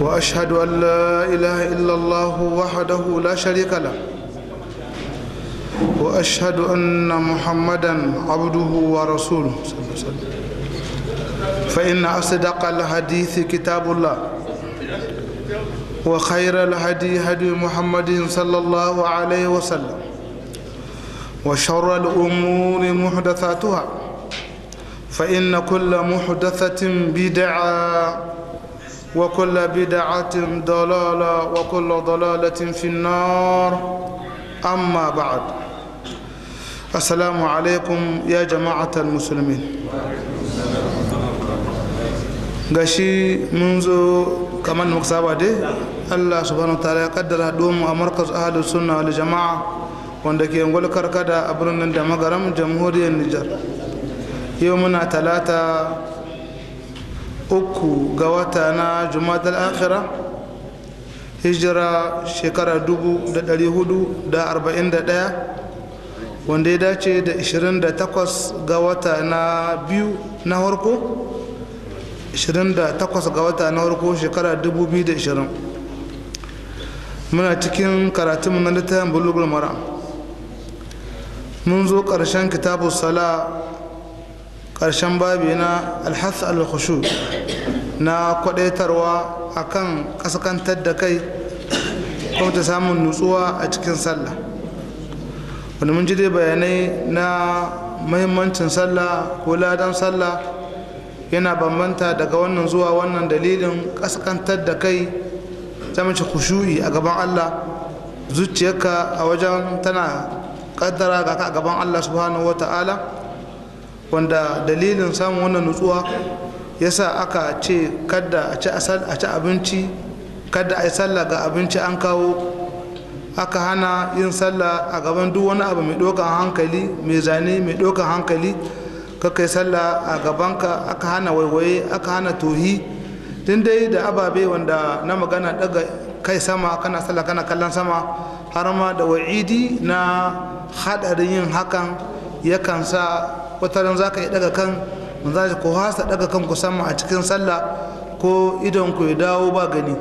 واشهد ان لا اله الا الله وحده لا شريك له واشهد ان محمدا عبده ورسوله صلى الله عليه وسلم فان اصدق الحديث كتاب الله وخير الهدي هدي محمد صلى الله عليه وسلم وشر الامور محدثاتها فان كل محدثه بدعه وكل بدعة ضلالة وكل ضلالة في النار أما بعد السلام عليكم يا جماعة المسلمين غشي منذ كمان مكسابة دي الله سبحانه وتعالى قدر دوم ومركز أهل السنة والجماعة وندك ينقول كركدا أبرنا دمغرم جمهورية النجر يومنا ثلاثة uku ga wata na jumadal akhira hijira shekara 441 wanda ya dace da 28 ga wata na biyu na harko 28 ga wata na harko shekara 2020 muna cikin karatun na littafin bulugul mara mun zo ƙarshen kitabu sala ƙarshen babi na alhassu alkhushu na kwadaitarwa kan kaskantar da kai kuma ta samun nutsuwa a cikin sallah wani mun ji dai bayanai na mahimmancin sallah ko ladan sallah yana bambanta daga wannan zuwa wannan dalilin ƙasƙantar da kai ta mace kushu'i a gaban allah zuciyarka a wajen tana kaddara ga ka a gaban allah subhanahu wa ta'ala wanda dalilin samun wannan nutsuwa ya sa aka ce kada a ci abinci kada a yi sallah ga abinci an kawo aka hana yin sallah a gaban duk wani abu mai ɗaukan hankali mai zane mai ɗaukan hankali kakai sallah a gabanka aka hana waiwaye aka hana tohi din dai da ababe wanda na magana daga kai sama kana sallah kana kallon sama har ma da wa'idi na haɗarin yin hakan yakan sa wataran za ka yi daga kan za shi hasa daga kan ku sama a cikin sallah ko idon ku ya dawo ba gani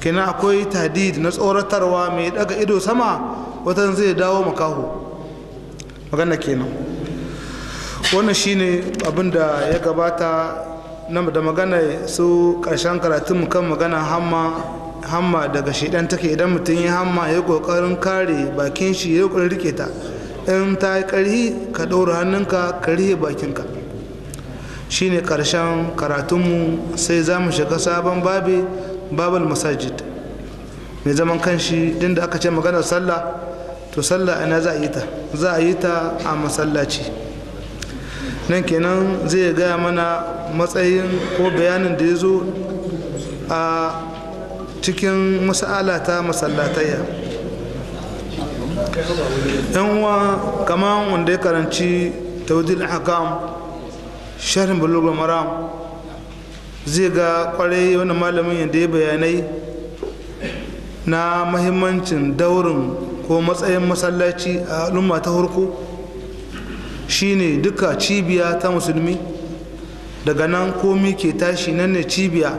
kina akwai tadid na tsoratarwa mai daga ido sama watan zai dawo makaho magana kenan wannan shine abin da ya gabata na da magana su karshen karatun kan magana hamma hamma daga shedan take idan mutum ya hamma ya kokarin kare bakin shi ya kokarin rike ta in ta yi ƙarhi ka ɗaura hannunka ka rihe bakinka shine ƙarshen karatunmu sai za mu shiga sabon babi babal masajid mai zaman kanshi din da aka ce maganar sallah to sallah ina za a yi ta za a yi ta a masallaci nan kenan zai gaya mana matsayin ko bayanin da ya zo a cikin masala ta masallatayya yan wa kamar wanda ya karanci taudil hakam sharhin bulogar maram zai ga kwarai wani malamin yadda ya bayanai na mahimmancin daurin ko matsayin masallaci a al'umma ta hurku shine duka cibiya ta musulmi daga nan komi ke tashi nan ne cibiya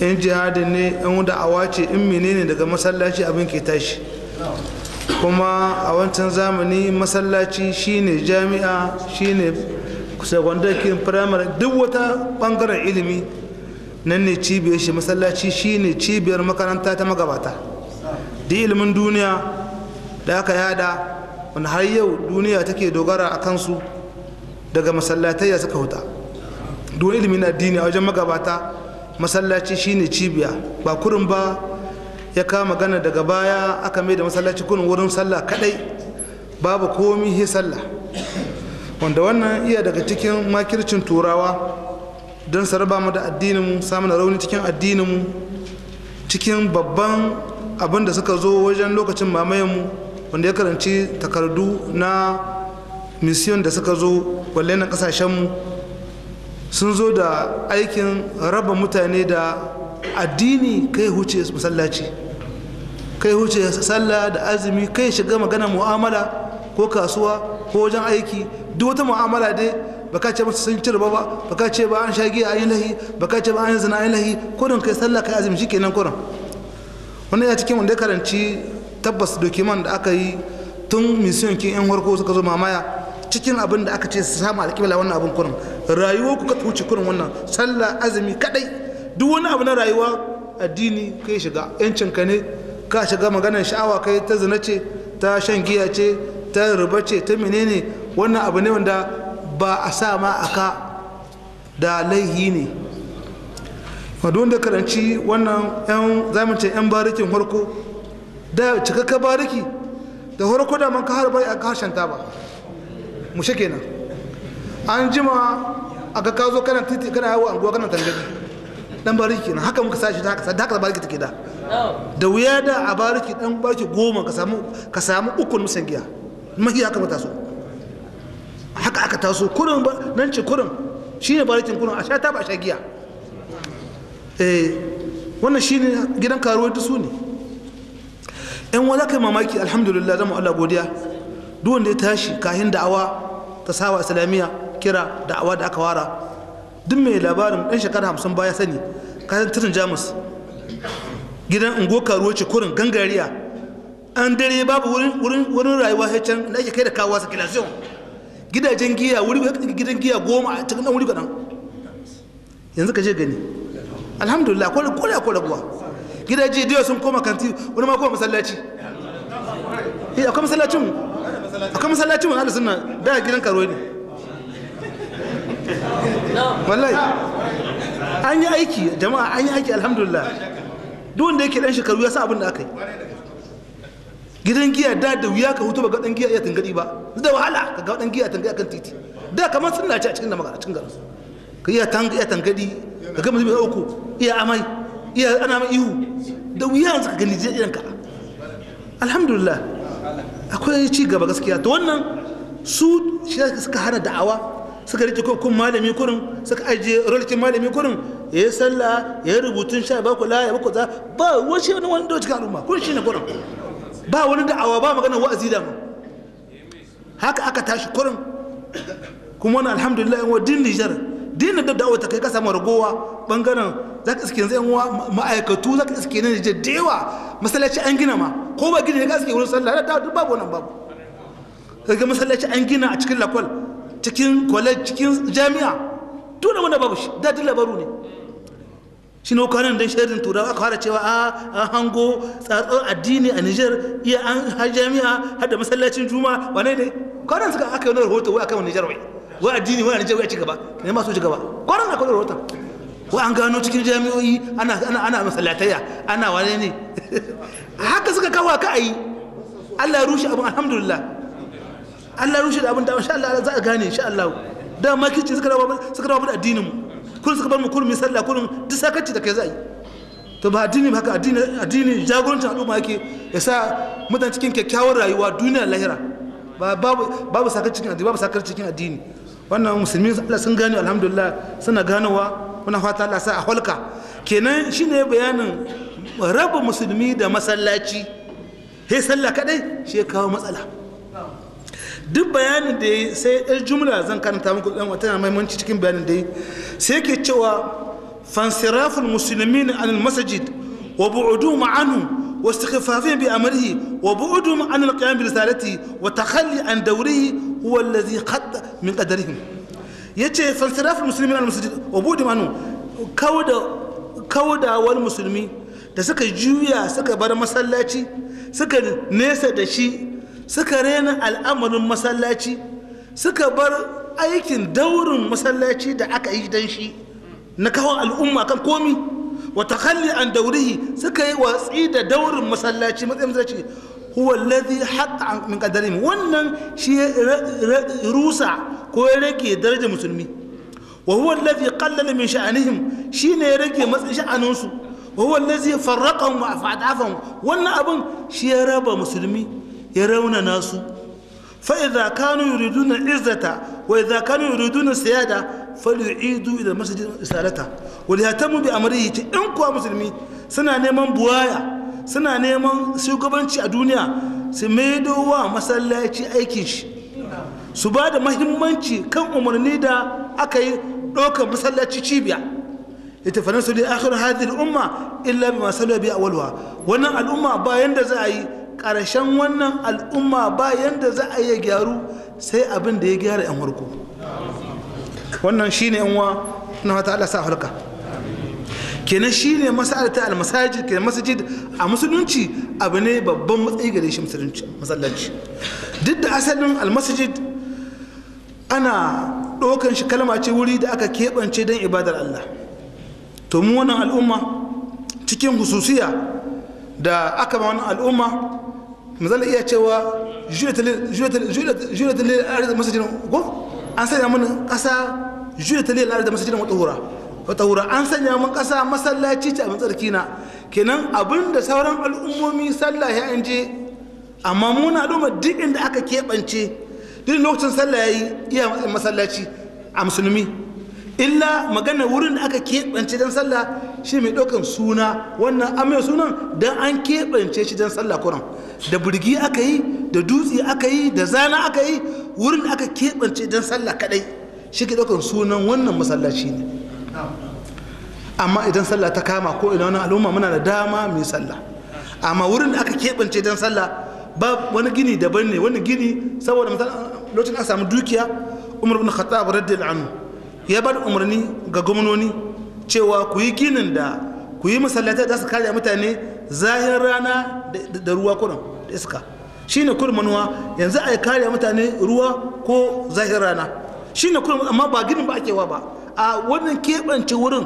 yan jihadin ne yan da'awa ce in menene daga masallaci abin ke tashi kuma a wancan zamani masallaci shine jami'a shine secondakin firamare duk wata bangaren ilimi nan ne cibiyar shi masallaci shine cibiyar makaranta ta magabata duk ilimin duniya da aka yada wani har yau duniya take dogara a kansu daga masallatai ya suka huta duk ilimin addini a wajen magabata masallaci shine cibiya ba kurin ba ya kama magana daga baya aka mai da masallaci kunin wurin sallah kadai babu komi he sallah wanda wannan iya daga cikin makircin turawa don su mu da addininmu samun rauni cikin addininmu cikin babban abin da suka zo wajen lokacin mamayenmu wanda ya karanci takardu na misiyon da suka zo walle na kasashenmu sun zo da aikin raba mutane da addini kai huce masallaci kai huce sallah da azumi kai shiga magana mu'amala ko kasuwa ko wajen aiki duk wata mu'amala dai baka ce masa sun cire ba baka ce ba an sha giya an yi lahi baka ce ba an yi zina an yi lahi kodin kai sallah kai azumi nan kodin wannan ya cikin wanda ya karanci tabbas dokiman da aka yi tun misiyon kin yan harko suka zo mamaya cikin abin da aka ce su samu alƙibla wannan abin kurin rayuwar ku ka tuci kurin wannan sallah azumi kadai duk wani abu na rayuwa addini kai shiga yancin ka ne ka shiga maganar sha'awa kai ta zina ce ta shan giya ce ta riba ce ta menene wannan abu ne wanda ba a sa ma a ka da laihi ne wadon da karanci wannan yan zamince yan barikin farko da cikakka bariki da farko da man ka har bai a kashanta ta ba mu shi kenan an jima a ga ka zo kana titi kana yawo anguwa kana tangabi dan bariki kenan haka muka sashi haka sadda haka bariki take da da wuya da a bariki dan bariki goma ka samu ka samu ukun musan giya mahi haka mata so haka aka taso kurin nan ce kurin shine barikin kurin a sha ta ba sha giya eh wannan shine gidan karuwa ta su ne in wani kai mamaki alhamdulillah zama Allah godiya duk wanda ya tashi kahin da'awa ta sawa islamiya kira da'awa da aka wara duk mai labarin ɗan shekara hamsin baya sani kasan titin jamus gidan ungo karuwa ce kurin gangariya an dare babu wurin rayuwa ya can da ake kai da kawo circulation gidajen giya wuri gidan giya goma a cikin ɗan wuri kaɗan yanzu ka je gani alhamdulillah ko da ko raguwa gidaje da sun koma kanti wani ma kuma masallaci eh, akwai masallacin akwai masallacin wani alisunna da gidan karuwa ne wallahi an yi aiki jama'a an yi aiki alhamdulillah duk wanda yake dan shekaru ya sa abin da aka yi gidan giya da da wuya ka hutu ba ga dan giya iya tangadi ba da wahala ka ga dan giya tangadi akan titi da kamar sunna ce a cikin da a cikin garin ka iya tanga iya tangadi ka ga mutum ya uku iya amai iya ana mai ihu da wuya yanzu ka gani jiya ka alhamdulillah akwai ci gaba gaskiya to wannan su shi suka hana da'awa suka rike kun malami kurin suka ajiye rolikin malami kurin ya yi sallah ya yi rubutun sha ba ba ya za ba wace wani wani cikin al'umma kun shi ne kurin ba wani awa ba magana wa'azi da haka aka tashi kurin kuma wani alhamdulillah yan din nijar din da da'awa ta kai kasa margowa bangaren za ka iske zai ma'aikatu za ka iske ne nijar da yawa masallaci an gina ma ko ba gina ne ka iske wurin sallah da babu wannan babu daga masallaci an gina a cikin lakwal cikin college cikin jami'a tuna wanda babu shi da labaru ne shi ne kwanan don shirin turawa aka fara cewa a ah, hango tsatsar addini a niger iya an jami'a har da masallacin juma wane ne kwanan suka aka yi wani rahoto wai aka yi niger wai wai addini wani a niger wai a cigaba ne masu cigaba kwanan aka yi rahoton wa an gano cikin jami'o'i ana ana ana masallataya ana wane ne haka suka kawo ka yi Allah ya rushe abin alhamdulillah Allah rushe da abin da insha Allah za a gane insha Allah da makici suka rawa suka rawa da addinin mu kun suka bar mu kullum sallah kullum duk sakaci da kai za yi to ba addini ba haka addini addini jagorancin al'umma yake ya sa mutane cikin kyakkyawar rayuwa duniya lahira ba babu babu sakaci cikin addini babu sakaci cikin addini wannan musulmi Allah sun gane alhamdulillah suna ganowa muna fata Allah sa a halka kenan shine bayanin raba musulmi da masallaci sai sallah kadai shi ya kawo matsala duk bayanin da ya sai ɗar jumla zan karanta muku ɗan wata na maimanci cikin bayanin da ya sai ke cewa fansirafin musulmi ne anil masajid wa bu'udu ma'anu واستخفافهم بأمره وبعدهم عن القيام برسالته وتخلي عن دوره هو الذي قد fansirafin قدرهم يجي فانصراف المسلمين على المسجد وبعدهم عنه كودا كودا musulmi da suka juya suka bar masallaci suka nesa da shi suka rena al'amarin masallaci suka bar aikin daurin masallaci da aka yi dan shi na kawo al'umma kan komi wata kalli an daurihi suka yi watsi da daurin masallaci matsayin masallaci huwa alladhi hatta min qadarin wannan shi rusa ko ya rage darajar musulmi wa huwa alladhi qallala min sha'anihim shine ya rage matsayin sha'aninsu wa huwa alladhi farraqahum wa afadafahum wannan abun shi ya raba musulmi ya raunana su fa'iza kanu yuriduna izzata wa idza kanu yuriduna siyada falyu'idu ila masjidin isalata wa liyatamu bi amrihi in kuwa musulmi suna neman buwaya suna neman shugabanci a duniya su maido wa masallaci aikin shi su ba da mahimmanci kan umarni da aka yi ɗaukar masallaci cibiya littafanin su ne akhirin hadin umma illa bi masallabi a walwa wannan al'umma bayan da za a yi ƙarshen wannan al'umma ba yadda za a iya gyaru sai abin da ya gyara 'yan warko wannan shi ne yanwa na wata alasa halka kenan shi ne masa'adata almasajid kenan masajid a musulunci abu ne babban matsayi gare shi masallaci duk da asalin almasajid ana ɗaukan shi kalma ce wuri da aka keɓance don ibadar Allah to mu wannan al'umma cikin hususiya da aka ma wannan al'umma mazala iya cewa ta lil ardi masajin ko an sanya mun kasa julatul ta ardi masjidin wa tuhura wata tuhura an sanya mun kasa masallaci ta abin tsarki na kenan da sauran al'ummomi sallah ya inje amma muna al'umma duk inda aka keɓance duk lokacin sallah yi iya masallaci a musulmi illa magana wurin da aka keɓance don sallah shi mai ɗaukan suna wannan an sunan don an keɓance shi don sallah kuran da burgi aka yi da dutse aka yi da zana aka yi wurin aka keɓance don sallah kaɗai shi ke ɗaukan sunan wannan masallaci ne amma idan sallah ta kama ko ina wani al'umma muna da dama mai sallah amma wurin da aka keɓance don sallah ba wani gini daban ne wani gini saboda lokacin an samu dukiya umar bin khattab radiyallahu anhu ya bar umarni ga gwamnoni cewa ku yi ginin da ku yi masallatai da su kare mutane zahin rana da ruwa kurin da iska shine kurin manuwa yanzu a yi kare mutane ruwa ko zahin rana shine kurin amma ba ginin ba ake ba a wannan keɓance wurin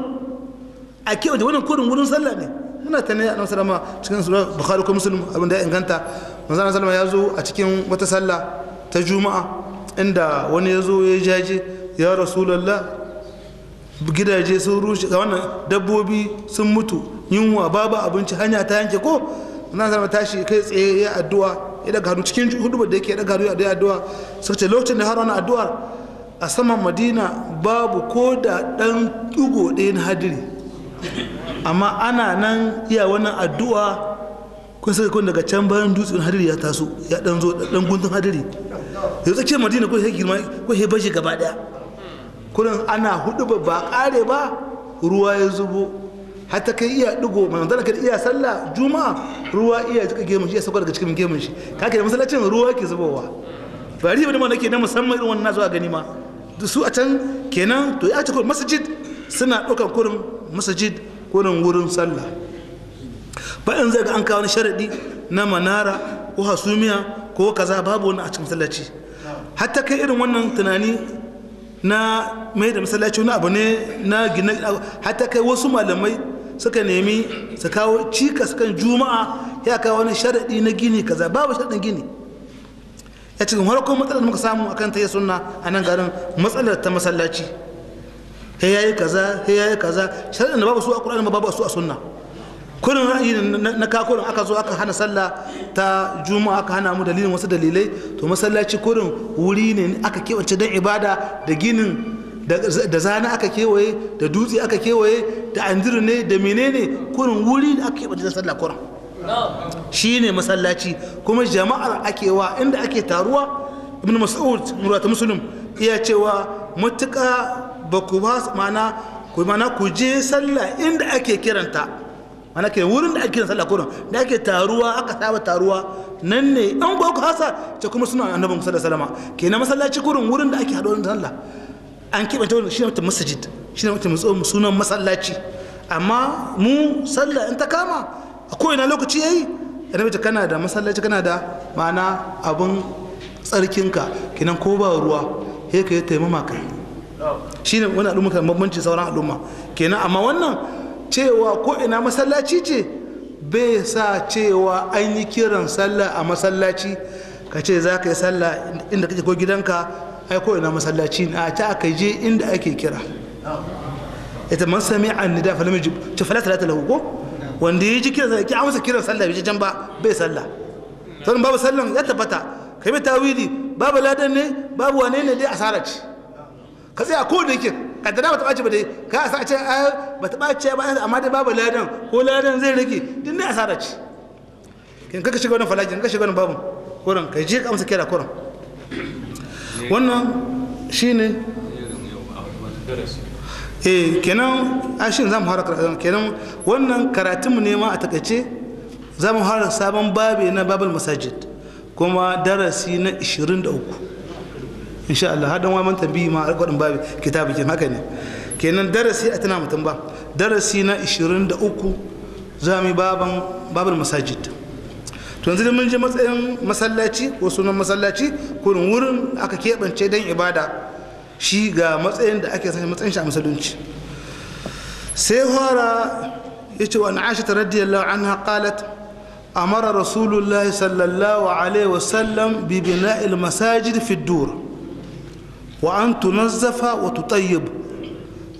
a keɓance wannan kurin wurin sallah ne muna ta ne a nan salama cikin su bukhari ko muslim abin da ya inganta manzana salama ya zo a cikin wata sallah ta juma'a inda wani ya zo ya jaje ya rasulallah gidaje sun rushe ga wannan dabbobi sun mutu yunwa babu abinci hanya ta yanke ko na zama tashi kai tsaye ya addu'a ya daga hannu cikin hudubar da yake daga hannu ya addu'a suka ce lokacin da har wani addu'a a saman madina babu ko da ɗan ɗugo ɗaya na hadiri amma ana nan iya wannan addu'a kun sai kun daga can bayan dutsen hadiri ya taso ya ɗan zo ɗan guntun hadiri yanzu tsakiyar madina ko ya girma ko ya bashi gaba ɗaya kurin ana hudu ba ba kare ba ruwa ya zubo hatta kai iya digo manzon ka iya sallah juma'a ruwa iya jika gemun shi ya sauka daga cikin gemun shi ka da masallacin ruwa ke zubowa bari wani ma nake na musamman irin wannan zuwa gani ma su a can kenan to ya ce kurin masjid suna ɗaukar kurin masjid kurin wurin sallah ba in zai ga an kawo sharadi na manara ko hasumiya ko kaza babu wani a cikin masallaci hatta kai irin wannan tunani na mai da masallaci wani abu ne na gina hatta kai wasu malamai suka nemi su kawo cikas kan juma'a ya kawo wani sharaɗi na gini kaza babu sharaɗin gini ya cikin kuma matsalar muka samu akan ta yi sunna a nan garin matsalar ta masallaci ya yi kaza ya yi kaza sharaɗin da babu su a ƙur'ani babu su a sunna kurin ra'ayi na kakurin aka zo aka hana sallah ta juma'a aka hana mu dalilin wasu dalilai to masallaci kurin wuri ne aka kewace don ibada da ginin da zana aka kewaye da dutse aka kewaye da andiru ne da menene kurin wuri ne aka kewace sallah kurin shi ne masallaci kuma jama'ar akewa inda ake taruwa ibn mas'ud murata muslim iya cewa matuƙa ba ku ba mana ku je sallah inda ake kiranta mana ke wurin da ake sallah kullum da ake taruwa aka saba taruwa nan ne an ku hasa ce kuma suna annabi musa da salama ke na masallaci kurin wurin da ake haɗo da sallah an keɓe ta shi ne mutum masajid shi ne mutum sunan masallaci amma mu sallah in ta kama a kowane lokaci yayi annabi ta kana da masallaci kana da ma'ana abun tsarkinka kinan ko ba ruwa he ka yi taimama kai ne wani al'umma kan bambanci sauran al'umma kenan amma wannan cewa ko ina masallaci ce bai sa cewa an yi kiran sallah a masallaci ka ce za ka yi sallah inda kake ko gidanka ai ko ina masallaci ne a ta aka je inda ake kira ita man sami an nida fa lamiji ta fa salata lahu ko wanda ya ji kiran sallah ki amsa kiran sallah bai jan ba bai sallah sannan babu sallan ya tabbata kai mai tawili babu ladan ne babu wane ne dai asara ce ka tsaya a kowane yake kaddara ba ta ɓaci ba dai ka a sace ba ta ɓaci ba amma dai babu ladan ko ladan zai rage din ne asara ce kin kaka shiga wannan falaji kaka shiga wannan babu koran kai je ka amsa kira koran wannan shine eh kenan shin zamu fara kenan wannan karatun mu ne ma a takaice zamu fara sabon babu na babul masajid kuma darasi na 23 insha Allah har dan wa man tambayi ma alƙwadin babu kitabikin haka ne kenan darasi a tana mutum ba darasi na 23 za mu baban babul masajid to yanzu mun je matsayin masallaci ko sunan masallaci ko wurin aka keɓance dan ibada shi ga matsayin da ake sanya matsayin shi a musulunci sai fara yace ce wa aisha radiyallahu anha qalat amara rasulullahi sallallahu alaihi wasallam bi bina'il masajid fi dur وأن تنظف وتطيب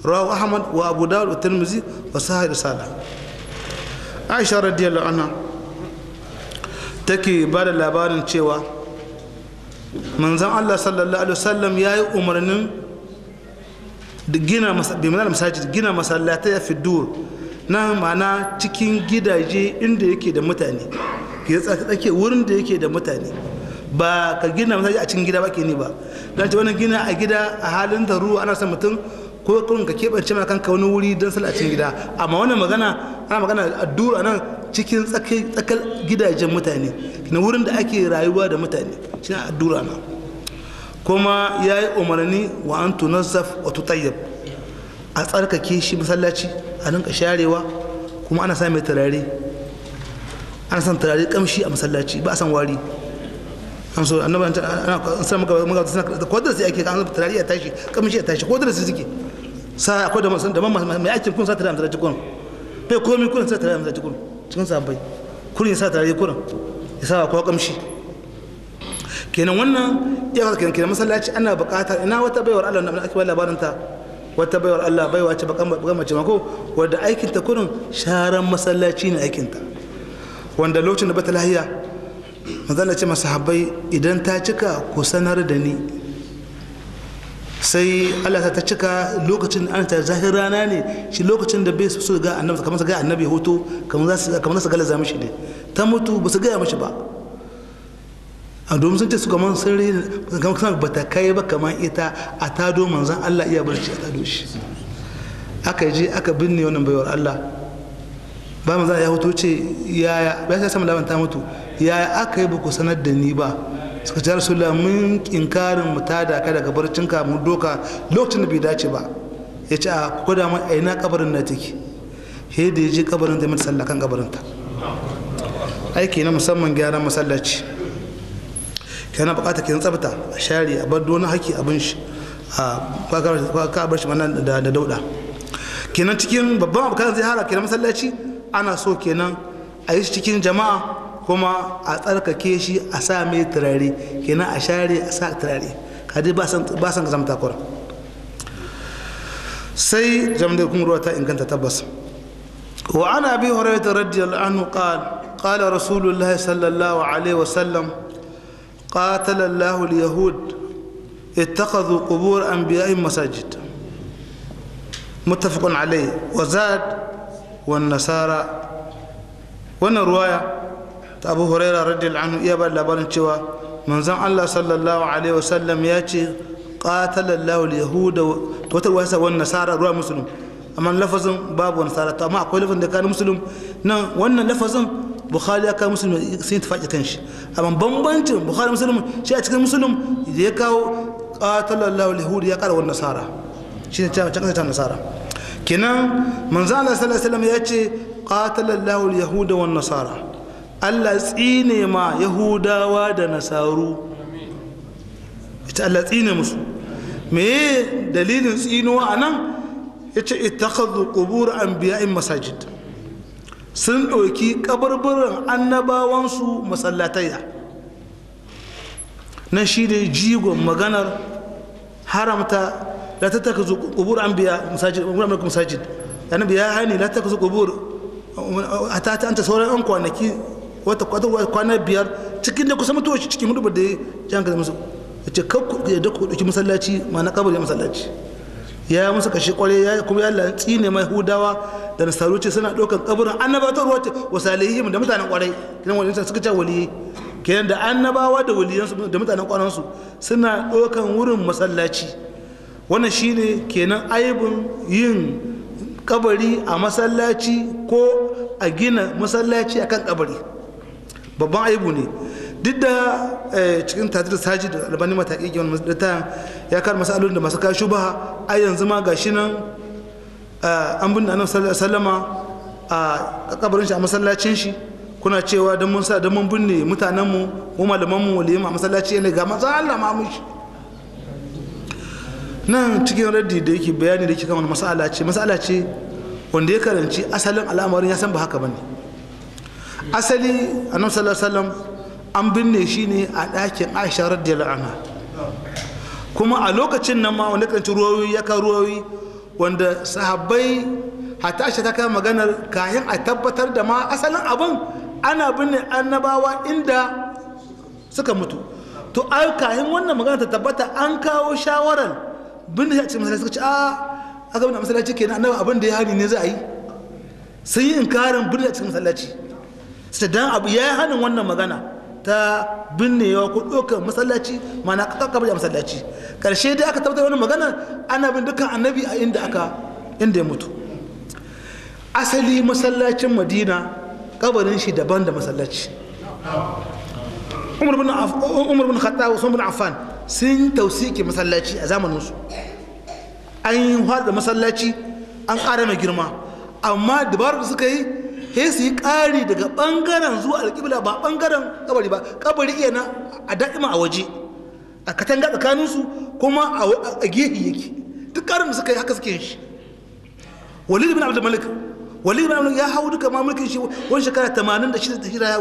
رواه أحمد وأبو داود والترمذي وصححه رسالة عائشة رضي الله عنها take ba da labarin cewa manzan Allah sallallahu alaihi ya yi umarnin gina masajid gina masallatai a fidur na mana cikin gidaje inda yake da mutane ke tsaka tsake wurin da yake da mutane ba ka gina masaji a cikin gida ba ke ne ba don ce wani gina a gida a halin da ruwa ana son mutum ko kun ka keɓance mana kanka wani wuri don sallah a cikin gida amma wannan magana ana magana a duru nan cikin tsakar gidajen mutane na wurin da ake rayuwa da mutane shi a dura nan kuma ya yi umarni wa an tunazzaf wa tutayyab a tsarkake shi masallaci a ninka sharewa kuma ana sa mai turare ana san turare kamshi a masallaci ba a san wari an so annabi an maka maka ko da sai ake an tarari ya tashi ya tashi ko da sai suke sa akwai da masan da mai aikin kun sa tarari amsa cikin bai komai kun sa tarari amsa cikin cikin sa tarari ya sa ko kamshi kenan wannan iya kenan kenan masallaci ana buƙatar ina wata baiwar Allah na ake labarin ta wata baiwar Allah baiwa ce bakan mace mako wadda aikinta kurin sharan masallaci ne aikinta wanda lokacin da bata lahiya manzala ce masahabbai idan ta cika ku sanar da ni sai Allah ta cika lokacin an ta zahir rana ne shi lokacin da bai su ga annabi kamar su ga annabi hoto kamar su su galaza mishi ne ta mutu ba su gaya mishi ba a domin sun ce su kamar sun rai kamar ba ta kai ba kamar ita a tado manzan Allah iya barci a tado shi aka yi je aka binne wannan baiwar Allah ba manzon ya hoto ce ya ya samu laban ta mutu yaya aka yi baku sanar da ni ba suka ce rasulullah mun inkarin mu ta da ka daga barcinka mun doka lokacin da bai dace ba ya ce a ku da mu aina kabarin na take he da ya je kabarin da mai sallakan kabarin ta aiki na musamman gyaran masallaci kana bukata kin tsafta a share a bar wani haki abin shi a ka bar shi mana da dauda kenan cikin babban abu kan zai hara kenan masallaci ana so kenan a yi cikin jama'a kuma a tsarkake shi a sa mai turare kenan a share a sa turare hadi ba san ba san zama takura sai jamde kun ruwa ta inganta tabbas wa ana bi hurayta radiyallahu anhu qala qala rasulullah sallallahu alaihi wasallam qatala allah alyahud اتخذوا قبور انبيائهم مساجد متفق عليه وزاد والنصارى وانا روايه ta abu huraira radiyallahu anhu iya ba labarin cewa manzon Allah sallallahu alaihi wasallam ya ce qatalallahu al-yahuda to ta wasa wan nasara ruwa muslim amma lafazin babu nasara to amma akwai lafazin da kana muslim nan wannan lafazin bukhari ya kawo muslim sai ta faɗi kanshi amma bambancin bukhari muslim shi a cikin muslim da ya kawo qatalallahu al-yahuda ya kara wan nasara shi ne ta ta nasara kenan manzon Allah sallallahu alaihi wasallam ya ce qatalallahu al-yahuda wan nasara Allah tsine ma yahudawa da nasaru ita Allah tsine musu me dalilin tsinuwa a nan ya ce ittakhadhu qubur anbiya'in masajid sun ɗauki kabarbaran annabawansu masallataya na shi da jigon maganar haramta la ta taka an biya masajid masajid annabi ya hani la ta taka qubur a ta ta sauran an kwanaki wata kwana biyar cikin da kusa mutuwa shi cikin hudubar da ya janka ya ce ya da ɗauki masallaci ma na ya masallaci ya yi musu kashe kwarai ya kuma ya lantsi ne mai hudawa da nasaru ce suna ɗaukar kaburin annabatarwa ta wa salihim da mutanen kwarai kenan wani suka ce waliyi kenan da annabawa da waliyansu da mutanen kwaransu suna ɗaukar wurin masallaci wannan shine kenan aibin yin kabari a masallaci ko a gina masallaci akan kabari babban aibu ne duk da eh, cikin tatar sajid albani mataki ke wani ya kar masalolin da masu kashi ba a yanzu ma ga shi nan eh, an bin annabi salama a kabarin shi a masallacin shi kuna cewa don mun sa don mun binne mutanen mu ko malaman mu waliyin a masallaci ne ga manzon Allah ma mushi nan cikin raddi da yake bayani da yake kan masala ce masala ce wanda ya karanci asalin al'amarin ya san ba haka bane asali annabi sallallahu alaihi an binne shi ne a ɗakin aisha radiyallahu anha kuma a lokacin nan ma wanda kan ruwayoyi ya kan ruwayoyi wanda sahabbai hatta aisha ta kai maganar kayan a tabbatar da ma asalin abin ana binne annabawa inda suka mutu to ai kayan wannan magana ta tabbata an kawo shawarar binne shi a cikin masallaci suka ce a aka binne masallaci kenan annabi abin da ya hari ne za a yi sai yi inkarin binne a cikin masallaci sadan abu ya yi hannun wannan magana ta yawa ko ɗaukar masallaci mana kakkabar masallaci ƙarshe dai aka tabbatar wani magana ana bin dukkan annabi a inda aka inda ya mutu asali masallacin madina kabarin shi daban da masallaci umar bin khattab usman bin affan sun tausiki masallaci a zamanin su an yi da masallaci an ƙara mai girma amma dabarar da suka yi sai su yi ƙari daga ɓangaren zuwa alƙibla ba ɓangaren kabari ba kabari iya na a daɗima a waje a katanga tsakaninsu kuma a gefe yake duk ƙarin da suka yi haka suke shi walid bin abdul malik walid bin abdul ya hau duka mulkin shi wani shekara 86 da hijira ya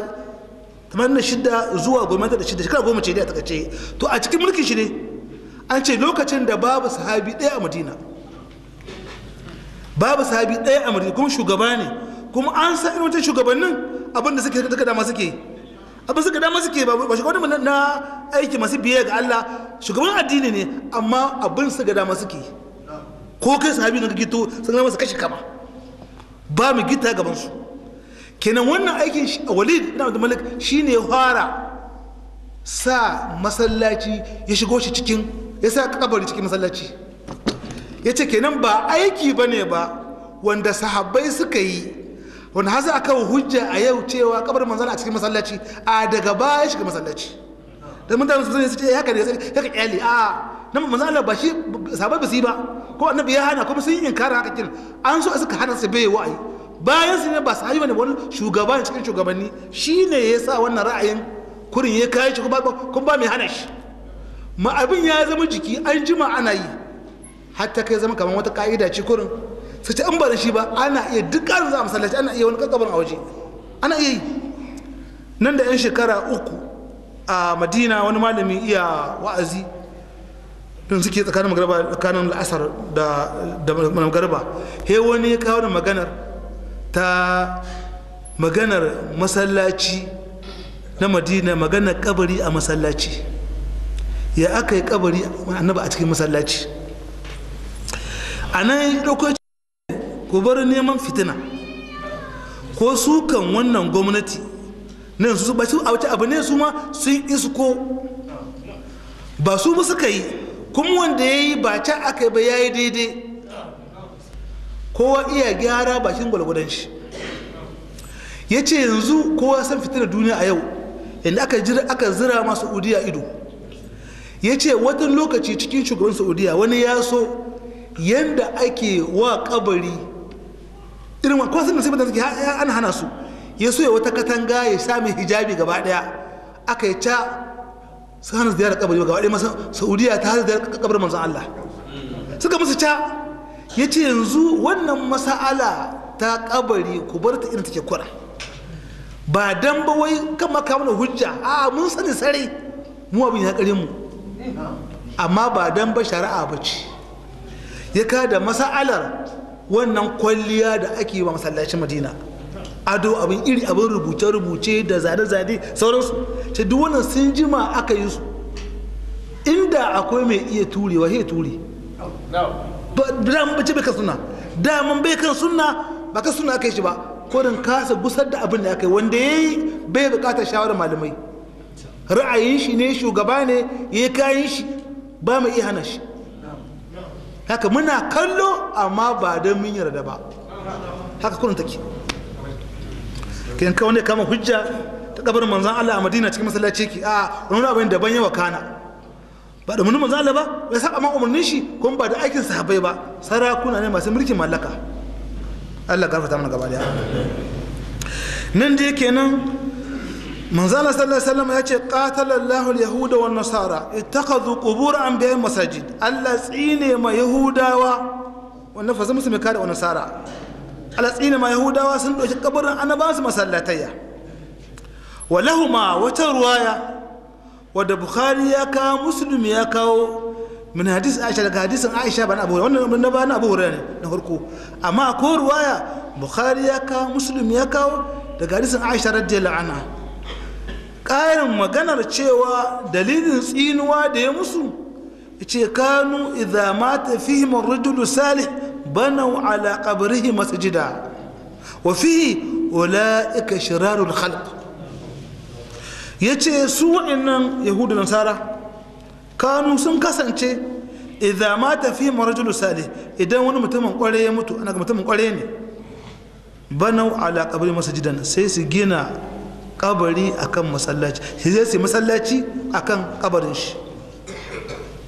86 zuwa goma da shida shekara goma ce dai a takaice to a cikin mulkin shi ne an ce lokacin da babu sahabi ɗaya a madina babu sahabi ɗaya a madina kuma shugaba ne kuma an san irin wancan shugabannin abinda suke suka dama suke abin suka dama suke ba shugabannin na aiki masu biye ga Allah shugaban addini ne amma abin suka dama suke ko kai sahabi na gito sun masa kashi kama ba mu gita gaban su kenan wannan aikin walid na da malik shine fara sa masallaci ya shigo shi cikin ya sa kabari cikin masallaci ya ce kenan ba aiki ba ne ba wanda sahabbai suka yi wanda haza a kawo hujja a yau cewa kabar manzana a cikin masallaci a daga baya shiga masallaci da mutane su zai ce eh, haka ya ka kyale a na manzana ba shi sabai ba su yi ba ko annabi ya hana kuma sun yi inkara haka kin an so suka hana su bai wa'ayi bayan su ne ba su ne wani shugaban cikin shugabanni shine ya sa wannan ra'ayin kurin ya kai shi kuma ba mai hana shi ma abin ya zama jiki an jima ana yi hatta kai zama kamar wata ka'ida ce kurin su ce in ba shi ba ana iya duk ƙarin za a masallaci ana iya wani kakkabar a waje ana iya yi nan da 'yan shekara uku a madina wani malami iya wa'azi don suke tsakanin magarba tsakanin la'asar da magarba he wani ya kawo da maganar ta maganar masallaci na madina maganar kabari a masallaci ya aka yi kabari annaba a cikin masallaci a nan ko bar neman fitina ko su kan wannan gwamnati nan su ba su abu ne su ma isu isko ba su ba suka yi kuma wanda ya yi ba ca aka yi ba ya yi daidai kowa iya gyara bakin gwalgwadon shi ya ce yanzu kowa san fitina duniya a yau inda aka jira aka zira ma saudiya ido ya ce watan lokaci cikin shugaban saudiya wani ya so yanda ake wa kabari irin ko sun nasibin da suke an hana su ya so ya wata katanga ya sami hijabi gaba daya aka yi ca su hana ziyarar kabari gaba daya masa saudiya ta hana ziyarar kabar manzan Allah suka musu ca ya ce yanzu wannan masa'ala ta kabari ku bar ta irin take kura ba dan ba wai kan maka mana hujja a mun sani sare mu abin ya kare mu amma ba dan ba shari'a ba ce ya kada masa'alar wannan kwalliya da ake wa masallacin madina ado abin iri abin rubuce-rubuce da zade-zade sauransu ta duk wannan sun jima aka yi su inda akwai mai iya turewa he ture daman bace bai kan suna daman bai kan suna ba ka suna aka yi shi ba kodin kasa gusar da abin da aka yi wanda ya yi bai bukatar shawarar malamai ra'ayin shi ne shugaba ne ya kayan shi ba mai iya hana shi haka muna kallo amma ba don mun yarda ba haka kurin take kin kawo ne kama hujja ta kabarin manzon Allah a Madina cikin masallaci ki a ah, wani abin ban yawa kana ba da mun manzon Allah ba ya saba ma umarnin shi ko ba da aikin sahabbai ba sarakuna ne masu mulkin mallaka Allah garfata mana gaba daya nan da yake nan manzala sallallahu alaihi wasallam ya ce qatalallahu alyahuda wan nasara ittakhadhu qubur anbiya'in masajid Allah tsine ma yahudawa wannan fa zama su mai kada wa nasara Allah tsine ma yahudawa sun dauki kabarin annabawan su masallatayya walahuma wata ruwaya wadda bukhari ya kawo muslim ya kawo min hadis aisha daga hadisin aisha ba na abu wannan na ba na abu hurairah ne na farko amma ko ruwaya bukhari ya kawo muslim ya kawo daga hadisin aisha radiyallahu anha ƙarin maganar cewa dalilin tsinuwa da ya musu ce kanu idza mata fihim ar-rajulu salih banaw ala qabrihi masjida wa fihi ulaika shirarul khalq yace su wa'annan yahudu nasara kanu sun kasance idza mata fihim ar salih idan wani mutumin kware ya mutu ana mutumin kware ne banaw ala qabri masjidan sai su gina kabari akan masallaci shi zai su masallaci akan kabarin shi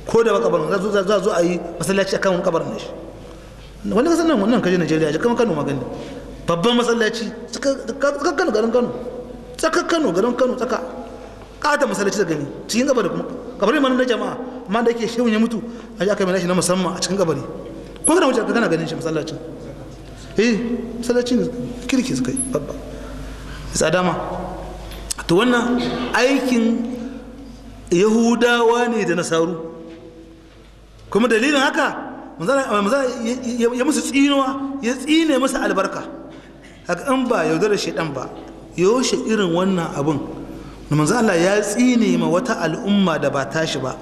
ko da ba kabarin za zo a yi masallaci akan kabarin shi wani kasan nan wannan kaje Najeriya ji kamar Kano magani babban masallaci tsaka Kano garin Kano tsaka Kano garin Kano tsaka kata masallaci da gani cikin kabari kuma kabari ma na jama'a ma da yake shehun ya mutu a ji aka mai na musamman a cikin kabari ko kana wuce kana ganin shi masallacin eh masallacin kirki suka yi babba tsada to wannan aikin yahudawa ne da nasaru kuma dalilin haka ya musu tsinuwa ya tsine musu albarka haka in ba yaudar da shaidan ba yaushe irin wannan abin manzo Allah ya tsine ma wata al'umma da ba tashi ba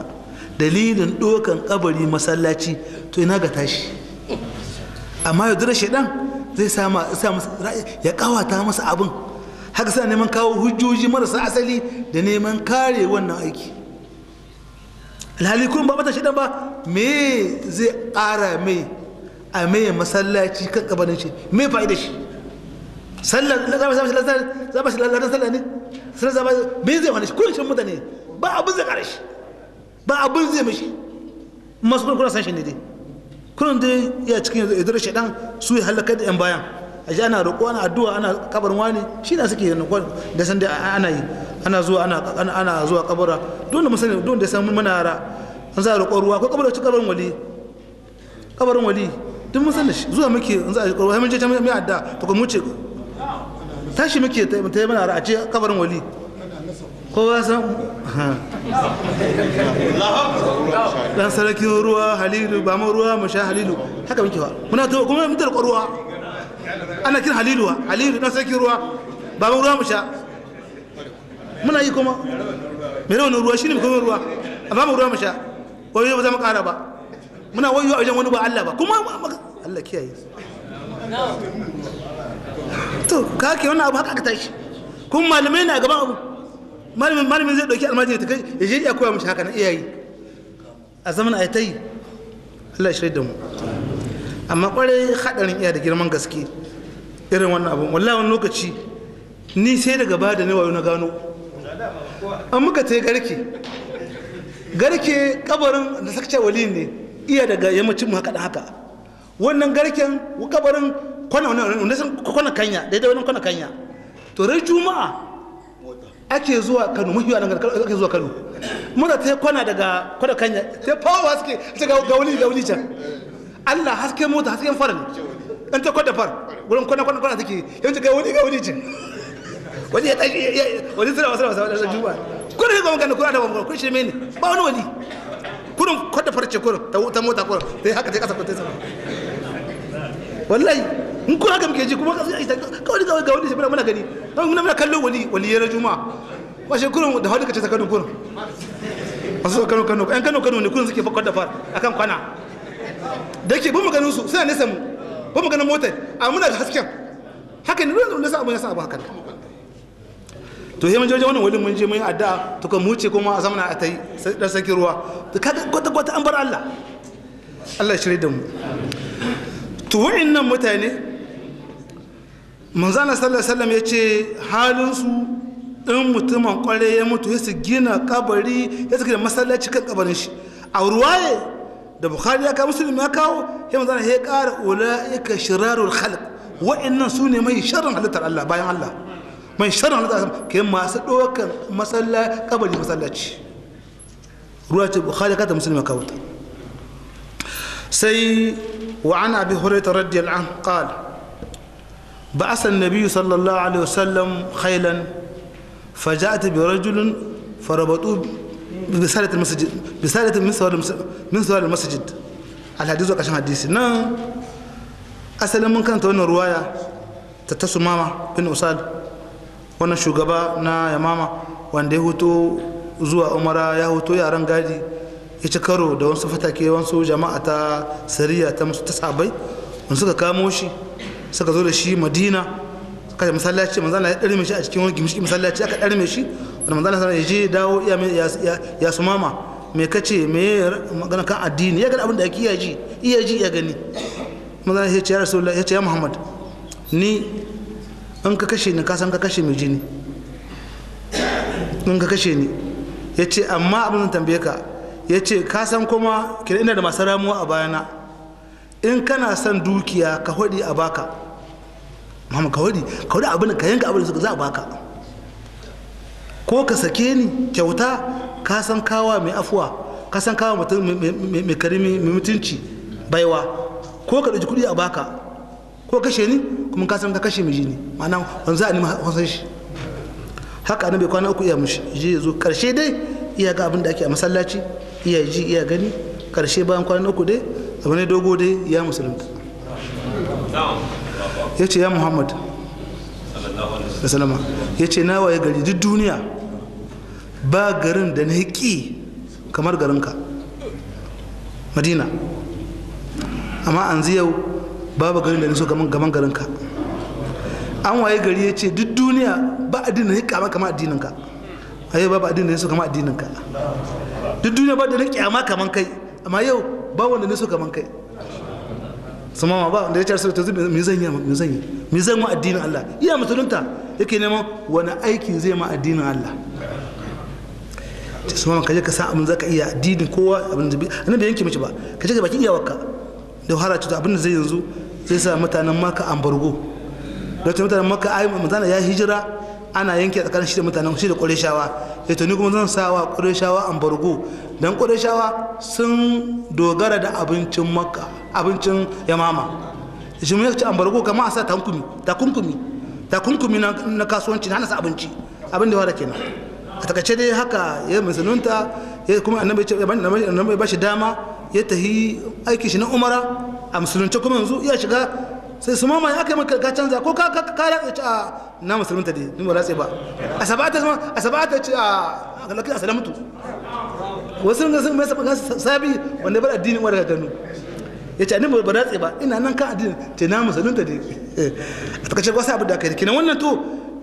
dalilin dokan kabari masallaci to ina ga tashi amma da shaidan zai sa ya kawata masa abin haka sa neman kawo hujjoji marasa asali da neman kare wannan aiki alhali ba mata ba me zai ƙara mai a mai masallaci me fa'ida shi sallar za ba shi za ba shi sallar ne sallar za ba me zai wani shi mutane ba abin zai ƙara shi ba abin zai masu kuna san shi ne dai dai ya cikin su yi halakar da yan bayan a ji ana roƙo ana addu'a ana kabarin wani shi na suke da san da ana yi ana zuwa ana zuwa kabara dole mu sani dole da san muna yara an za a roƙo ruwa ko kabarin kabarin wali kabarin wali duk mun san shi zuwa muke in za a roƙo ruwa mun je ta mai adda to mu ce tashi muke ta yi mana a ce kabarin wali kowa san dan sarki ruwa halilu ba mu ruwa mu sha halilu haka muke wa muna to kuma mun tarko ruwa ana kira haliluwa halilu na sarki ruwa baban ruwa mu sha muna yi kuma mai rawanin ruwa shi ne kuma ruwa a ba mu ruwa mu sha wani ba za mu kara ba muna wayo a wajen wani ba Allah ba kuma Allah kiyaye to ka ke wannan abu haka ka tashi kun malamai na gaban abu malamin malamin zai dauki almajiri ta kai ya je ya koya mishi haka na iyayi a zaman a ta yi Allah ya da mu amma kwarai hadarin iya da girman gaske irin wannan abin wallahi wani lokaci ni sai daga ba da ne wayo na gano an muka ta garke garke kabarin da sakce wali ne iya daga yammacin mu haka da haka wannan garken kabarin kwana wani kwana kanya daidai wani kwana kanya to rai juma'a ake zuwa kano mafi wa ake zuwa kano muna ta kwana daga kwana kanya ta fawa haske ta ga wuli da wuli can allah haske mota hasken fara ne an ta kwada far gurin kwana kwana kwana take yanzu ga wani ga wani jin wani ya tashi wani sura wasu wasu wasu juba kuna ga gwamnati kuna da gwamnati kun shirme ne ba wani wani kurin kwada farce kurin ta wuta mota kurin sai haka ta kasa kun sai sama wallahi in kuna ga muke ji kuma kawai ga wani shi muna gani don muna muna kallon wali wali ya rajuma ba shi kurin da hadu kace ta kanu kurin masu kanu kano yan kano kano ne kurin suke fakar da far akan kwana da ke bin maganin su suna nesa mu ba mu ganin motar a muna da hasken haka ne ruwan da abu ya sa abu haka to sai mun je wannan wani mun je mun yi addu'a to kan muce kuma a zamana a yi dan saki ruwa to kaga gwata gwata an bar Allah Allah ya shirye da mu to wa'annan mutane manzana sallallahu alaihi wasallam ce halin su in mutumin kwarai ya mutu ya su gina kabari ya su gina masallaci kan kabarin shi a ruwaye da bukhari ya kawo muslim ya kawo sai manzo ya ƙara ulaika shirarul khalq wa'annan su ne mai sharrin halittar Allah bayan Allah mai sharrin halittar ke masu dokan masalla kabari masallaci ruwa ta bukhari ka ta muslim ya kawo ta سي وعن أبي هريرة رضي الله عنه قال بعث النبي صلى الله عليه وسلم خيلا فجاءت برجل فربطوه bisalatul masjid bisalatul min sawal masjid hadisi nan asalin mun kanta wannan ruwaya ta tasu mama bin usad wannan shugaba na yamama wanda ya hoto zuwa umara ya hoto yaran gadi ya ci karo da wasu fatake wasu jama'a ta sariya ta musu ta sabai wani kamo shi suka zo da shi madina kada masallaci manzo Allah ya darme shi a cikin wani gimshi masallaci aka darme shi wanda manzo Allah ya je dawo ya sumama me kace me magana kan addini ya ga abin da yake iya ji iya ji ya gani manzo Allah ya ce ya rasulullahi ya ce ya muhammad ni in ka kashe ni ka san ka kashe mai jini in ka kashe ni ya ce amma abin da tambaye ka ya ce ka san kuma kira ina da masu ramuwa a bayana in kana son dukiya ka hudi a baka mama ka wari ka wari abin ka yanka abin da za a baka ko ka sake ni kyauta ka san kawa mai afuwa ka san kawa mutum mai karimi mai mutunci baiwa ko ka ɗauki kuɗi a baka ko kashe ni kuma ka san ka kashe miji ne ma'ana wanzu a nima hasan shi haka annabi kwana uku iya mushi je ya zo karshe dai iya ga abin da ake a masallaci iya ji iya gani karshe bayan kwana uku dai abu ne dogo dai ya musulunta ya ce ya muhammad ya ce na waye gari duk duniya ba garin da na ƙi kamar garinka madina amma an yau babu garin da na so gaman garinka an waye gari ya ce duk duniya ba da na kama kamar addininka a yau babu addinin da na so kamar addininka duk duniya ba da na ƙyama kamar kai amma yau ba wanda na so kamar kai su ma ba da ya ce to mai zan yi me zan yi mai zan ma addinin Allah iya musulunta yake neman wani aiki zai ma addinin Allah su ma kaje ka san abin zaka iya addinin kowa abin da annabi yanke mace ba ka je ka bakin iyawarka da wahala ta abin da zai yanzu zai sa mutanen maka ambargo da ta mutanen maka ai mutana ya hijira ana yanke tsakanin shi da mutanen shi da ƙureshawa ya to ni kuma zan sa wa ƙureshawa ambargo dan ƙureshawa sun dogara da abincin makka abincin yamama shi ya ci ambargo kama a sa takunkumi takunkumi takunkumi na kasuwanci na nasa abinci abin da wada kenan a takace dai haka ya musulunta ya kuma annabi ya ba shi dama ya tahi aiki shi na umara a musulunci kuma yanzu ya shiga sai su mamaye aka yi ka canza ko ka kara ce a na musulunta dai ni ba ratse ba a sabata a sabata ce a lakin a wasu ne sun mai sabi wanda bar addinin wadda gano ya ce annabi ba ratse ba ina nan kan addini ce na ta ne a takaice wasu abu da kai kenan wannan to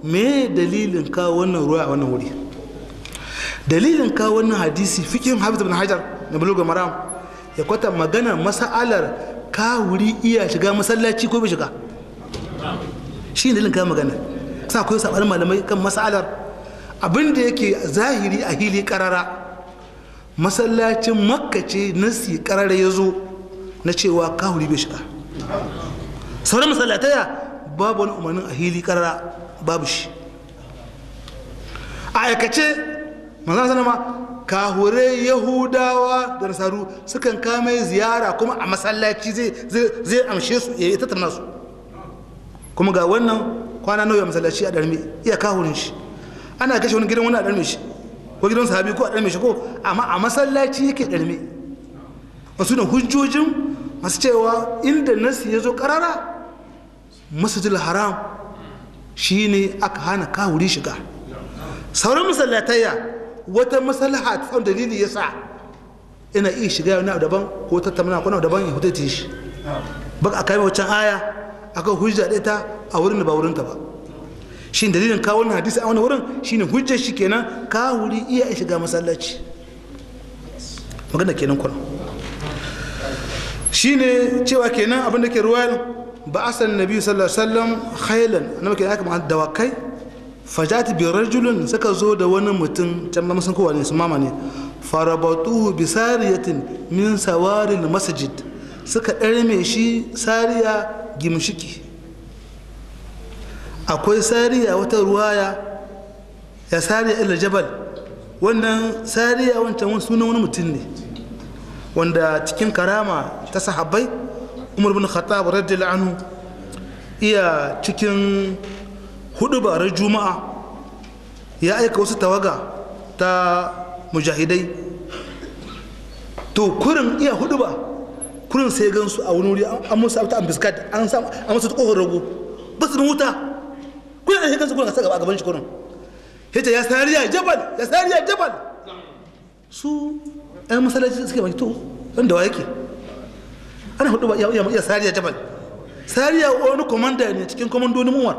me dalilin ka wannan ruwa a wannan wuri dalilin ka wannan hadisi fikin hafiz ibn hajar na bulugul maram ya kwata magana mas'alar ka wuri iya shiga masallaci ko bai shiga shi ne dalilin ka magana sa koyo sabar malamai kan mas'alar abin da yake zahiri a hili karara masallacin makka ce nasi karara ya zo na cewa kahuri bai shiga sauran masallataya babu wani umarnin a hili karara babu shi a aikace sana ma kahure yahudawa da nasaru sukan kamai ziyara kuma a masallaci zai amshe su ya tattauna su kuma ga wannan kwana nauyi a masallaci a darme iya kahurin shi ana kashe wani gidan wani a darme shi ko gidan sahabi ko a darme shi ko amma a masallaci yake darme ba su da hujjojin masu cewa inda nasi ya zo karara masjidil haram shi ne aka hana kawuri shiga sauran masallatayya wata masalaha ta dalili ya sa ina iya shiga na daban ko ta tamana ko daban ya hutace shi ba a kai wancan aya aka hujja da ita a wurin da ba wurin ta ba shi dalilin kawo wannan hadisi a wani wurin shi ne hujjar shi kenan kawuri iya shiga masallaci magana kenan kuma shine cewa kenan abin da ke ruwa ba asal nabi sallallahu alaihi wasallam khailan annabi kenan aka ma'an dawakai fajati bi rajulin suka zo da wani mutum can ma sun ne su mama ne farabatuhu bi sariyatin min sawaril masjid suka ɗarme shi sariya gimshiki akwai sariya wata ruwaya ya sariya ila jabal wannan sariya wancan sunan wani mutum ne wanda cikin karama ta sahabbai umar bin khattab radiyallahu anhu iya cikin hudu barar juma'a ya aika wasu tawaga ta mujahidai to kurin iya hudu ba kurin sai gansu a wani wuri an musu abuta an biskat an samu an musu kofar rago ba su wuta kurin da gansu kurin a gaba a gaban shi kurin yace ya sariya jabal ya sariya jabal su 'yan masallaci suke mai to wanda wa yake ana hudu ba iya sariya jabal sariya wani komanda ne cikin komandonin umar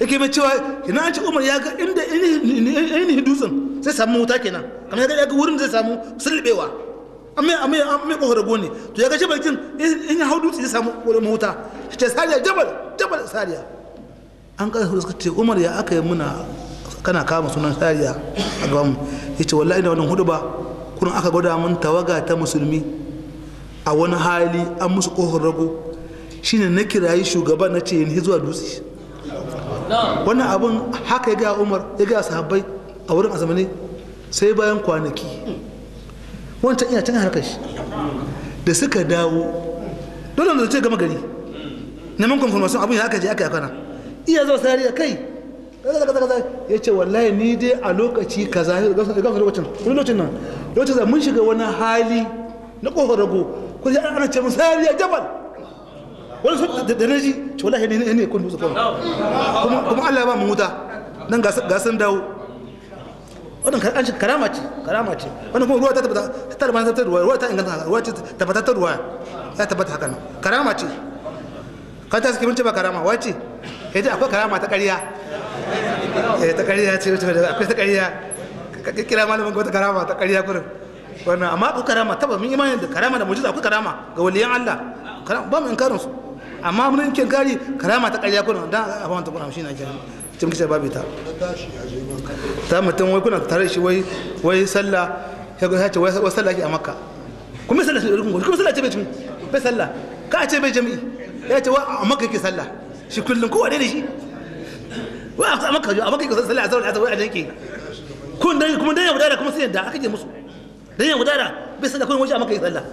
yake mai cewa ina an ci umar ya ga inda ainihi dutsen zai samu wuta kenan kamar ya ga wurin zai samu sulbewa amma amma amma ko rago ne to ya ga jabal kin in ya hau dutse zai samu wurin wuta ce sariya jabal jabal sariya an kai su suka ce umar ya aka yi muna kana kama sunan sariya a gaban ya ce wallahi da wannan hudu ba kurin aka gwada mun tawaga ta musulmi a wani hali an musu kohon rago ne na kirayi shugaba na ce yanzu zuwa dutse wannan abin haka ya gaya umar ya gaya sahabbai a wurin azamani sai bayan kwanaki wancan iya can harkar shi da suka dawo dole da ce gama gari neman confirmation abin ya aka je aka yakana iya zuwa sariya kai kaza kaza kaza ya ce wallahi ni dai a lokaci kaza ya gasa lokacin wani lokacin nan lokacin da mun shiga wani hali na kofar rago ko sai ana ce misali ya jabal wani sun da na ji ce wallahi ne ne kun dutse kuma kuma Allah ya ba mu wuta nan ga sun dawo wannan an shi karama ce karama ce wannan kuma ruwa ta tabbata ta tabbata ta ruwa ruwa ta inganta ruwa ta tabbata ta ruwa ya tabbata haka nan karama ce kan ta suke mun ce ba karama wace yaji akwai karama ta ƙarya Eh, ta ƙarya ce wuce akwai ta kira malamin karama ta wannan amma karama taba mun imanin da karama da mujiza karama ga waliyan Allah ba mu inkarin su amma mun yankin gari karama ta ƙarya kurin dan a fahimta kurin shi na kenan cin kishe babu ta ta mutum wai kuna tare shi wai wai sallah ya ga ce wai sallah a makka kuma sallah ce kuma sallah ce bai sallah ka ce bai jami'i ya ce wa a makka sallah shi kullum kowa ne da shi wai a maka a maka kusan sallah azhar da azhar wai a danke kun dan kuma dan ya kuma sai yanda aka je musu dan ya bai sallah kun a maka sallah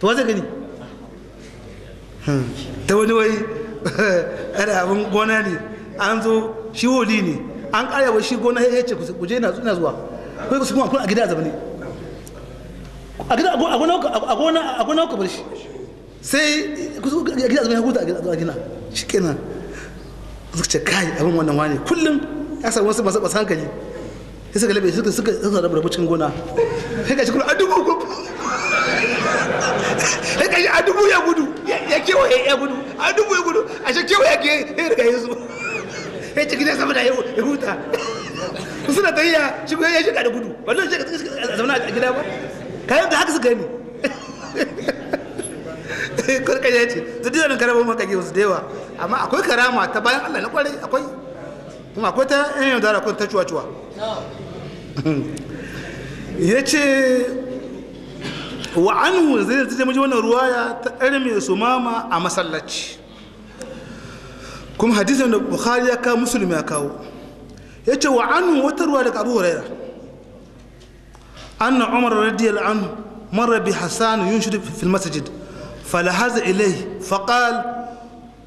to wa gani ta wani wai ana abin gona ne an zo shi ne an ƙara wa shi gona ya ce ku je na zuwa kai ku kuma a gida a zabane a gida a gona a gona ku bar shi sai ku a gida a zabane a gida shi kenan zuciya kai abin wannan wani kullum ya samu wasu masu basu hankali sai suka labe suka suka suka rabu rabu cikin gona sai kashi kuma a dubu ko sai gashi a dubu ya gudu ya kewaye ya gudu a dubu ya gudu a shi kewaye ya ke ya riga su sai cikin ya sama da ya huta suna ta yiya shi ya shiga da gudu wannan shi shiga a zauna a gida ba kayan da haka suka yi ne ya ce su dizanin karamin makage wasu da yawa amma akwai karama ta bayan Allah na kwarai akwai kuma akwai ta yan yaudara kun ta cuwa-cuwa ya ce wa an zai da ta maji wannan ruwaya ta ɗari mai sumama a masallaci kuma hadisin da bukhari ya kawo musulmi ya kawo ya ce wa an wata ruwa daga abu huraira an na umar radiyallahu anhu marar bi hassan yun shirin fil masajid falahaza ilai faƙal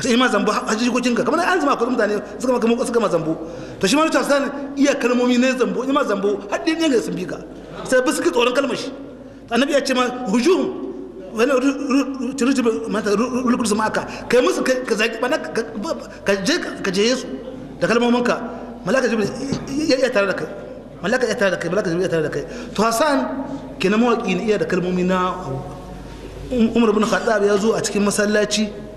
ka ce ma zambo a jikokin ka kamar an zama akwai mutane suka maka mako suka ma zambo to shi ma ta tafsa iya kalmomi ne zambo ima zambo har dai ne sun bi ka sai bi suka tsoron kalmar shi annabi ya ce ma hujum wani rutu mata rukun su maka kai musu ka zaki bana ka je ka je yesu da kalmomin ka malaka jibril ya tare da kai malaka ya tare da kai malaka jibril ya tare da kai to hasan kenan mawaki ne iya da kalmomi na umar bin khattab ya zo a cikin masallaci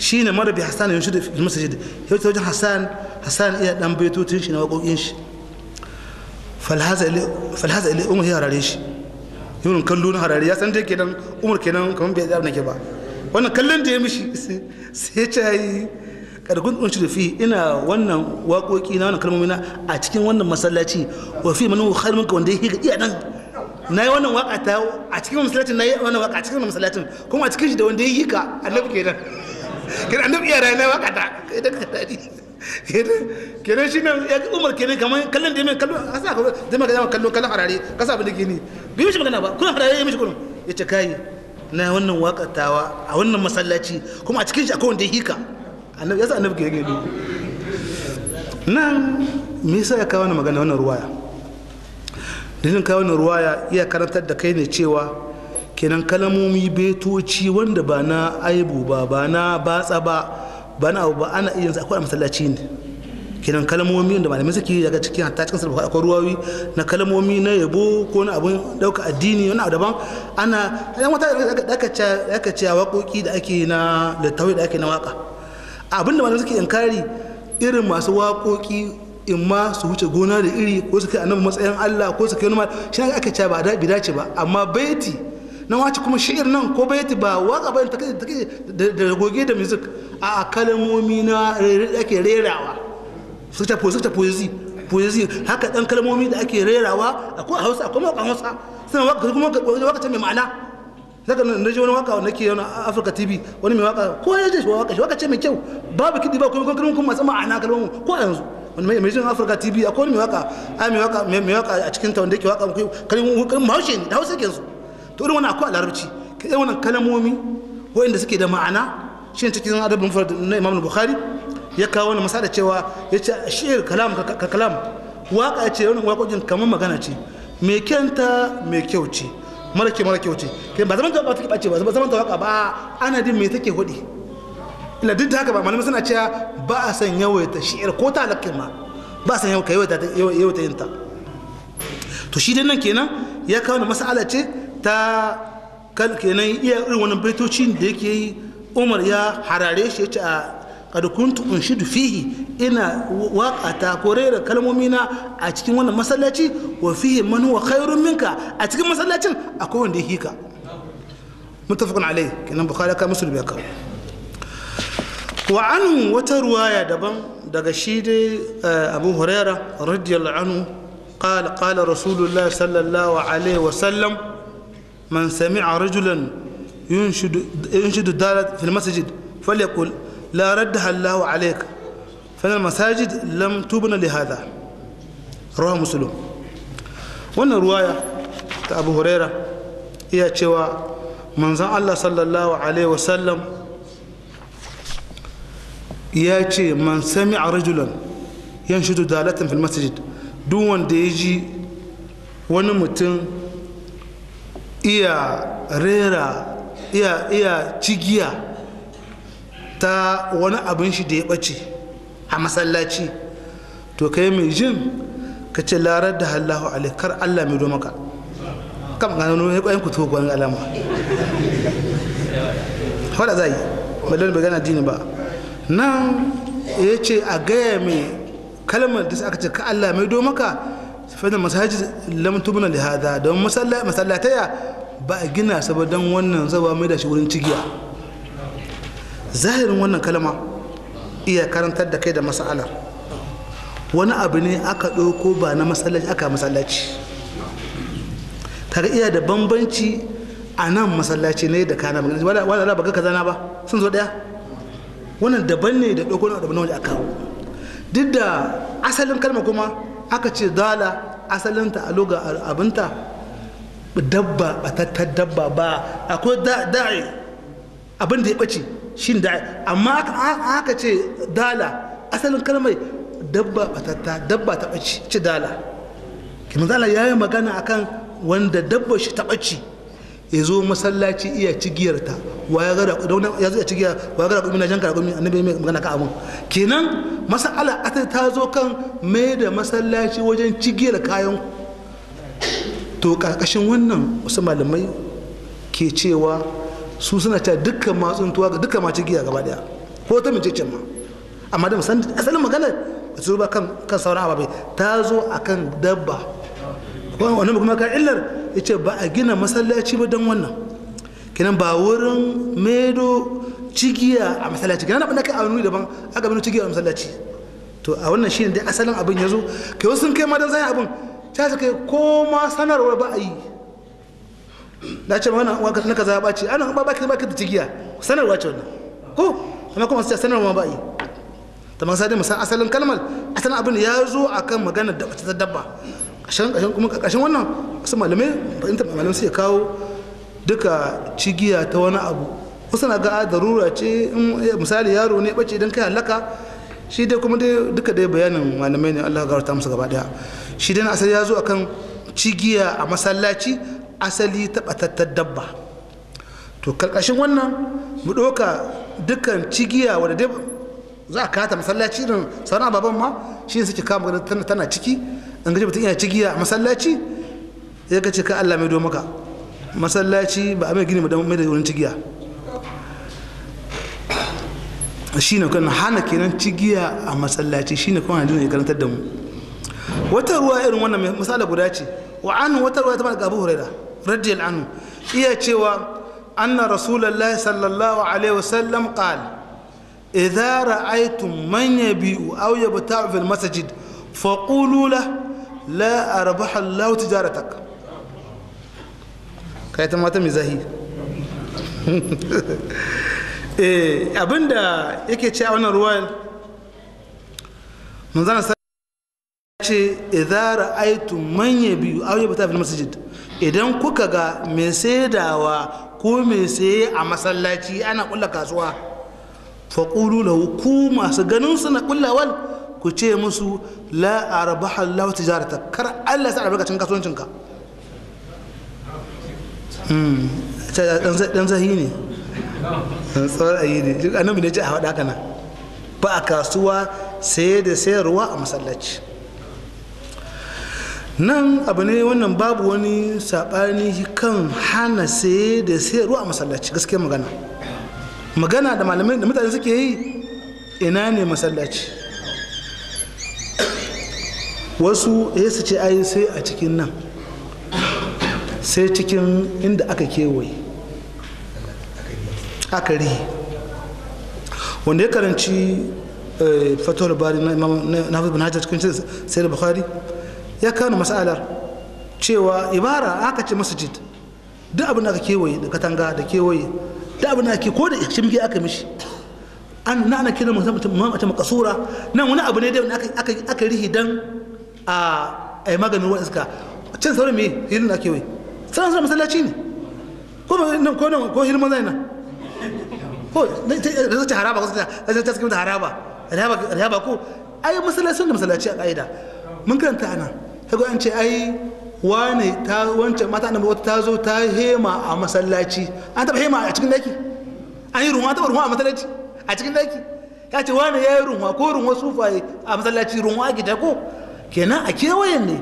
شين مر بحسان ينشد في المسجد يقول توجه حسان حسان إيه دم بيتو تنش نوقو ينش فالهذا اللي فالهذا اللي أمه هي هراليش يقول كل لون هرالي يا سنتي كنا عمر كنا كم بيجاب نكبا وانا كلن دي مشي سيتشاي كارغون انشد في انا وانا واقو كينا وانا كلمو منا اتكين وانا مسلاتي وفي منو خير منك وانا هيك يا إيه، نان ناي وانا واقع تاو اتكين مسلاتي ناي وانا واقع اتكين مسلاتي كم اتكين شده وانا هيك انا بكينا kenan annabi iya rayuwa kai da ya umar kallon da mai kallon kallon harare ka sa abin da ke ni mishi magana ba harare ya mishi ya ce kai na wannan wakatawa a wannan masallaci kuma a cikin shi akwai wanda ya hika annabi ya sa annabi ke yake dubu me yasa ya kawo wannan magana wannan ruwaya dalilin kawo wannan ruwaya iya karantar da kai ne cewa kenan kalamomi betoci wanda ba na aibu ba ba na batsa ba ba na abu ba ana iya akwai a masallaci ne kenan kalmomi wanda malamai suke daga cikin hatta cikin sarfa akwai ruwawi na kalamomi na yabo ko na abun dauka addini wani abu daban ana yan wata daga ce waƙoƙi da ake na littafi da ake na waka abin da malamai suke inkari irin masu waƙoƙi in ma su wuce gona da iri ko su kai annabi matsayin Allah ko su kai wani shi ake ce ba da bi dace ba amma baiti na wace kuma shi'ir nan ko baiti ba waka bayan take take da goge da music a kalmomi na ake rerawa su ta poesi ta poesi poesi haka dan kalmomi da ake rerawa akwai a Hausa akwai mawakan Hausa sai waka kuma waka ta mai ma'ana daga nan da wani waka nake yana Africa TV wani mai waka ko yaje shi waka shi waka ce mai kyau babu kidi ba kuma kalmomi kuma masu ma'ana kalmomi ko yanzu wani mai jin Africa tv akwai mai waka a mai waka mai waka a cikin ta wanda yake waka kai kalmomi haushe ne da hausa ke su to irin wannan akwai a larabci ka irin wannan kalamomi wa'inda suke da ma'ana shi ne cikin adabin mufrad na imam bukhari ya kawo wani misali cewa ya ce shi'ir kalam ka kalam waka ce wani waƙoƙin kamar magana ce mai kyanta mai kyau ce mara kyau mara kyau ce kai ba zaman ta ba take bace ba ba zaman ta waka ba ana din me take hudi ila duk da haka ba malamai suna cewa ba a san yawaita shi'ir ko ta alaƙin ma ba a san yawaita yawaita yin ta to shi dai nan kenan ya kawo wani mas'ala ce ta kan kenan iya irin wannan baitocin da yake yi umar ya harare shi ya ce a kad kuntu unshidu fihi ina waka ta kore da kalmomi a cikin wannan masallaci wa fihi man huwa khairun minka a cikin masallacin akwai wanda yake ka muttafaqun alayh kenan bukhari ka muslim ya kawo wa an wata ruwaya daban daga shi dai eh, abu huraira radiyallahu anhu قال قال رسول الله صلى الله عليه وسلم من سمع رجلا ينشد ينشد الدالة في المسجد فليقل لا ردها الله عليك فان المساجد لم تبن لهذا رواه مسلم وان روايه ابو هريره هي تشوى من زع الله صلى الله عليه وسلم يا ياتي من سمع رجلا ينشد دالة في المسجد دون ديجي ونمتن iya rera iya iya cigiya ta wani abin shi da ya ɓace a masallaci to kai mai jin ka ce larar da hallahu kar allah mai domaka kam ganin nuna ƙwayen ku gwanin alama wadda za yi malar bai gana dini ba nan ya ce a gaya mai kalmar da aka ce ka allah mai domaka fadin masaji lam tubna li hada don masallataya ba gina saboda don wannan zaba mai da shi wurin cigiya zahirin wannan kalma iya karantar da kai da mas'alar wani abu ne aka ɗauko ba na masallaci aka masallaci kaga iya da bambanci a nan masallaci ne da kana magana wani ala baka kaza na ba sun zo daya wannan daban ne da ɗauko na waje aka duk da asalin kalma kuma aka ce dala asalinta a loga abinta dabba batattar dabba ba akwai da'i abin da ya ɓace shi da'i amma aka ce dala asalin kalmai dabba batatta dabba ta ɓace ce dala dala ya yi magana akan wanda dabba shi ta ɓace ya zo masallaci iya cigiyarta wa ya gara ya zo cigiya wa ya gara jan kara kuma annabi mai magana ka abun kenan masala ata ta zo kan mai da masallaci wajen cigiyar kayan to karkashin wannan wasu malamai ke cewa su suna ta dukkan matsuntuwa ga dukkan masu gaba daya ko ta mace ce ma amma da musan asalin magana ba su ba kan kan sauran ababai ta zo akan dabba wannan kuma ka illar ya ce ba a gina masallaci ba don wannan kenan ba wurin medo cigiya a masallaci kenan abin da kai a wani daban aka bino cigiya a masallaci to a wannan shine dai asalin abin ya zo kai wasu sun kai ma don zai abin ta su kai ko ma sanarwar ba a yi na ce mana uwa ka sanaka za a ana ba baki ki da cigiya sanarwa ce wannan ko amma kuma sai sanarwa ba a yi tamam sai dai musan asalin kalmar asalin abin ya zo akan magana da ta dabba ƙashen ƙashen kuma ƙashen wannan wasu malamai fahimtar malamai sai kawo duka cigiya ta wani abu wasu na ga ah, darura ce eh, misali yaro ne bace idan kai halaka shi dai kuma dai duka dai bayanin malamai ne Allah gafarta musu gaba daya shi dai na asali ya zo akan cigiya a masallaci asali taɓatattar dabba to karkashin wannan mu ɗauka dukkan cigiya wadda dai za a kata masallaci irin sauran ababen ma shi suke kama tana ciki in gaji mutum yana cigiya a masallaci ya ka ce ka Allah mai do maka masallaci ba a mai gini mai da wurin cigiya shi ne kan hana kenan cigiya a masallaci shi ne kuma ya karantar da mu wata ruwa irin wannan misali guda ce wa anu wata ruwa ta mara abu huraira radiyal anu iya cewa anna rasulullahi sallallahu alaihi wasallam qala idza ra'aytum man yabi'u aw yabta'u fil masajid faqulu lahu la arbaha Allah tijaratak kai ta mata mai eh abinda yake ce a wannan ruwan manzana sa ce idza ra'aytu man yabiu aw yabta fil masjid idan kuka ga mai saidawa ko mai saye a masallaci ana kulla kasuwa faƙulu lahu ku masu ganin suna kullawal ku ce musu la arbaha Allah tijarata kar Allah sa albarkacin kasuwancinka hmm. dan zahi ne dan tsawar ayi ne duk annabi ne ce a faɗa kana ba a kasuwa saye da sayarwa a masallaci nan abu ne wannan babu wani sabani kan hana saye da sayarwa a masallaci gaske magana magana da malamai da mutane suke yi ina ne masallaci wasu yasa ce ai sai a cikin nan sai cikin inda aka kewaye akari wanda ya karanci eh, fatowar bari na hafiz bin hajjar cikin sai da bukhari ya kano masalar cewa ibara aka ce masjid duk abin da aka kewaye da katanga da kewaye duk abin da ake ko da shimge aka mishi an na ana kiran musamman ta makasura nan wani abu ne da aka rihi dan a maganin wa iska cin sauran me hirin da ake wai sauran suna masallaci ne ko nan ko nan ko hirin mazai nan ko da zai haraba ko zai ta cikin haraba haraba ko ai masallaci da masallaci a ka'ida mun karanta ana kaga an ce ai wane ta wancan mata annabi wata ta zo ta hema a masallaci an taba hema a cikin daki an yi runwa ta runwa a masallaci a cikin daki ya ce wane ya yi runwa ko runwa sufaye a masallaci runwa gida ko kenan a kewayen ne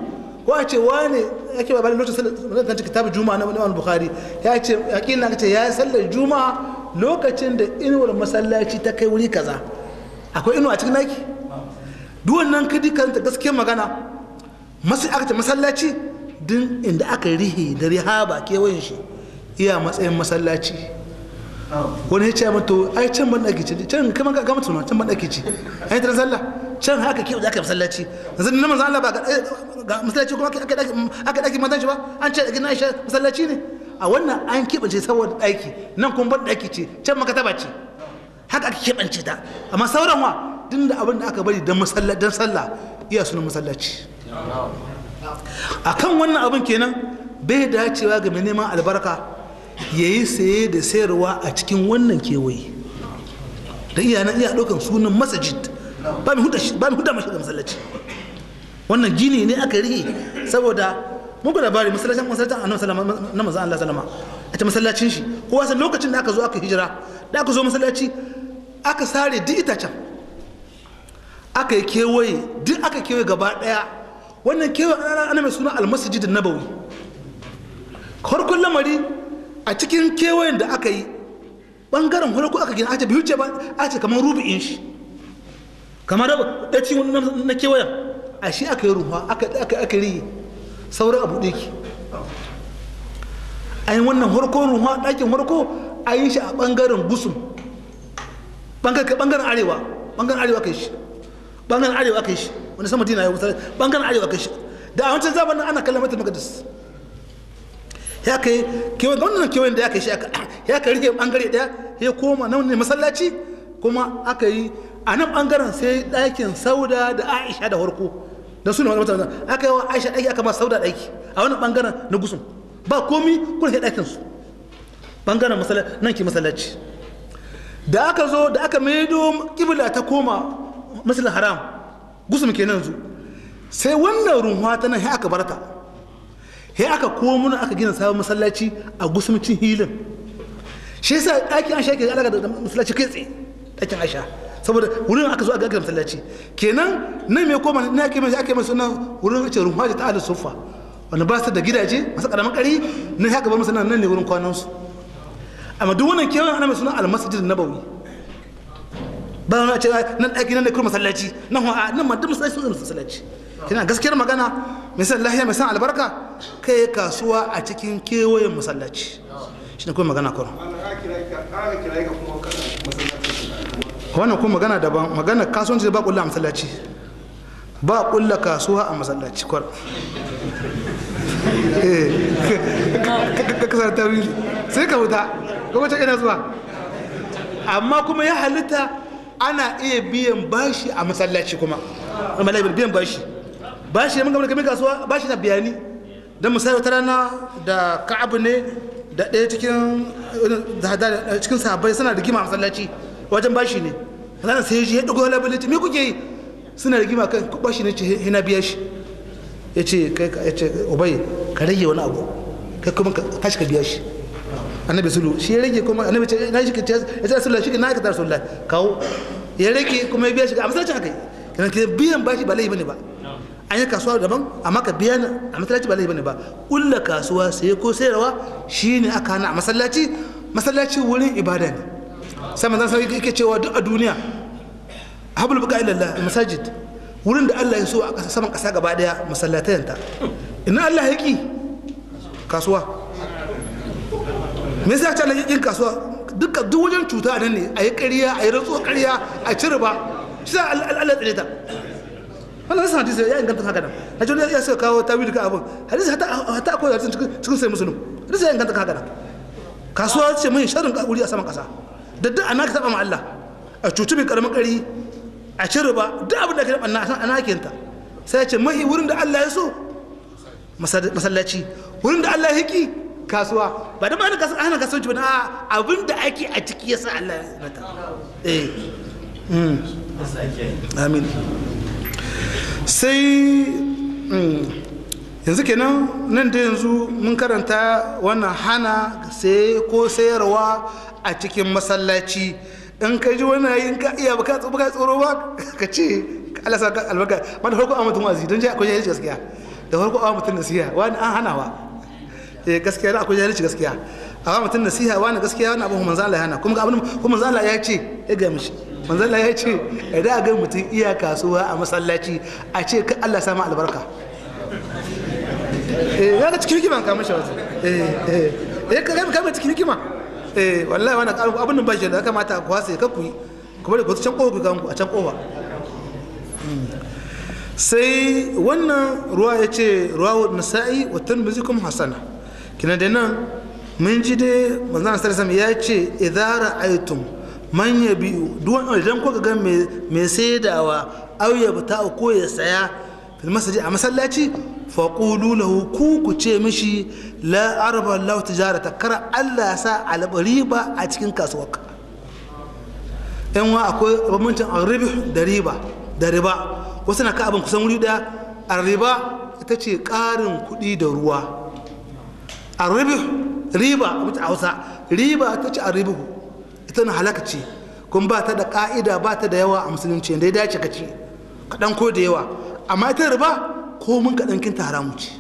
ko a ce wane ake ba lokacin sallar kan kitabul juma'a na Wani Bukhari ya ce yaqin na ce ya sallar juma'a lokacin da inuwar masallaci ta kai wuri kaza akwai inuwa cikin naki duk wannan kadi ta gaskiyar magana masu aka masallaci din inda aka rihe da rihaba kewayen shi iya matsayin masallaci wani ya ce mato ai can ban ɗaki ce can kama ga tunan can ban ɗaki ce ai tara sallah can haka kiwo za ka masallaci yanzu manzo Allah ba ga masallaci kuma aka daki aka ba an ce daki masallaci ne a wannan an kibance saboda daki nan kuma bar daki ce can makataba ce haka aka kibance ta amma sauran wa duk da abin da aka bari dan dan sallah iya sunan masallaci akan wannan abin kenan bai dacewa ga mai neman albarka yayi saye da sayarwa a cikin wannan kewaye da iya na iya ɗaukan sunan masajid ba mu huda mashi da masallaci wannan gini ne aka rihi saboda muku labari masallacin masallacin annabi sallama na manzo Allah sallama ita masallacin shi ko san lokacin da aka zo aka hijira da aka zo masallaci aka sare duk can aka yi kewaye duk aka kewaye gaba daya wannan kewaye ana mai suna almasjid nabawi farkon lamari a cikin kewayen da aka yi bangaren farko aka gina aka ce biyu ce ba a ce kamar rubu'in shi kamar da ci na kewaya a shi aka yi ruwa aka yi sauran abu ke a yi wannan harko ruwa ɗakin harko a yi shi a ɓangaren gusun ɓangaren arewa ɓangaren arewa ka yi shi ɓangaren arewa ka yi shi wani sama dina ya wuce ɓangaren arewa ka yi shi da a wancan zamanin ana kallon mata magadis ya kai kewayen wannan kewayen da ya kai shi ya kai rike ɓangare ɗaya ya koma nan ne masallaci kuma aka yi a nan bangaren sai ɗakin sauda da aisha da harko da suna wani mutane aka yi wa aisha ɗaki aka ma sauda ɗaki a wani bangaren na gusun ba komi kuna sai ɗakin su bangaren nan ke masallaci da aka zo da aka maido kibla ta koma masallin haram gusun ke nan zu sai wannan runwa ta nan aka barata he aka komuna aka gina sabon masallaci a gusumcin hilin shi yasa ɗakin aisha ke alaƙa da masallaci kai tsaye ɗakin aisha saboda wurin aka zo a gagar masallaci kenan nan mai koma na ake mai ake mai sunan wurin a ce ruwa ta ala sufa wanda ba su da gidaje masu karamin kari nan haka bar masallaci nan ne wurin kwanan su amma duk wannan kewan ana mai sunan almasjid nabawi ba wani ce nan ɗaki nan ne kuma masallaci nan ma nan ma duk masallaci sun masallaci kina gaskiyar magana mai san lahiya mai san albarka kai kasuwa a cikin kewayen masallaci shi ne kuma magana kuma wannan kuma magana daban magana kasuwanci ba kulla a masallaci ba kulla kasuwa a masallaci kwar eh, kasar ta sai ka wuta kuma ce ina zuwa amma kuma ya halitta ana iya biyan bashi a masallaci kuma malabar biyan bashi bashi ne mun kamar kasuwa bashi na biyani don misali ta rana da ka'abu ne da ɗaya cikin sabai suna rigima a masallaci wajen bashi ne ranar sai shi ya ɗago ya labarai me kuke yi suna rigima kan kuɓa shi ne ce hina biya shi ya ce ka ce ubai ka rage wani abu kai kuma ka tashi ka biya shi annabi sulu shi ya rage kuma annabi ce na shi ka ce ya ce rasulullah shi ka na ka ta rasulullah kawo ya rage kuma ya biya shi a ce haka kenan ke biyan bashi ba laifi bane ba an yi kasuwa daban amma ka biya a masallaci ba laifi bane ba kulla kasuwa sai ko sayarwa shine aka hana a masallaci masallaci wurin ibada ne sai manzan sai yake cewa duk a duniya hablul buka ilallah masajid wurin da Allah ya so a kasa saman kasa gaba daya masallatayanta ina Allah ya ki kasuwa me yasa ta Allah ya kasuwa duka duk wajen cuta nan ne a yi ƙarya a yi rantsuwa ƙarya a ci riba shi sa Allah ya tsare ta wannan nasan hadisi ya inganta haka nan a jona ya sa kawo tawil ka abin hadisi hata akwai hadisin cikin sai musulun hadisi ya inganta haka nan kasuwa ce mai sharrin wuri a saman kasa. da duk ana ka saba ma Allah a cuci mai karamin kari a cire ba duk abin da ka daɓa na san ana hakinta sai ce mahi wurin da Allah ya so masallaci wurin da Allah ya hiki kasuwa ba da ba ana ci ba na abin da ake a ciki ya sa Allah ya nata eh hmm. amin sai hmm, yanzu kenan nan da yanzu mun karanta wannan hana sai ko sayarwa a cikin masallaci in ka ji wani yayin ka iya baka baka tsoro ba ka ce Allah saka albarka man da farko a mutum azizi don ji akwai jahilci gaskiya da farko a mutum nasiha wani an hanawa eh gaskiya da akwai jahilci gaskiya a mutum nasiha wani gaskiya wani abu manzo Allah ya hana kuma abin kuma manzo Allah ya ce ya ga mishi manzo Allah ya ce idan a ga mutum iya kasuwa a masallaci a ce ka Allah sa ma albarka eh ya ga cikin kiban ka mishi wasu eh eh eh ka kai mai cikin hikima eh wallahi wannan abin nan bashi da kamata ku hasa ka kakuyi ku bari ku can kofa ku ganku a can kofa hmm. sai wannan ruwa ya ce ruwa wa nasa'i wa tirmidhi kuma hasana kina da nan mun ji dai manzon sallallahu ya ce idara aitum man yabi duwan idan kuka ga mai saidawa au ya bata ko ya saya fil masjid a masallaci fa qulu lahu ku ce mishi la arba lahu tijarata kar Allah sa ba a cikin kasuwa. yan wa akwai bambancin arribih da riba da riba wasu na ka abin kusan wuri daya arriba ita ce karin kuɗi da ruwa arribih riba a Hausa riba ta ce arribih ita na halaka ce kun ba ta da ka'ida ba ta da yawa a musulunci da dace ka ce kaɗan ko da yawa amma ita riba ko mun kaɗan kinta haramu ce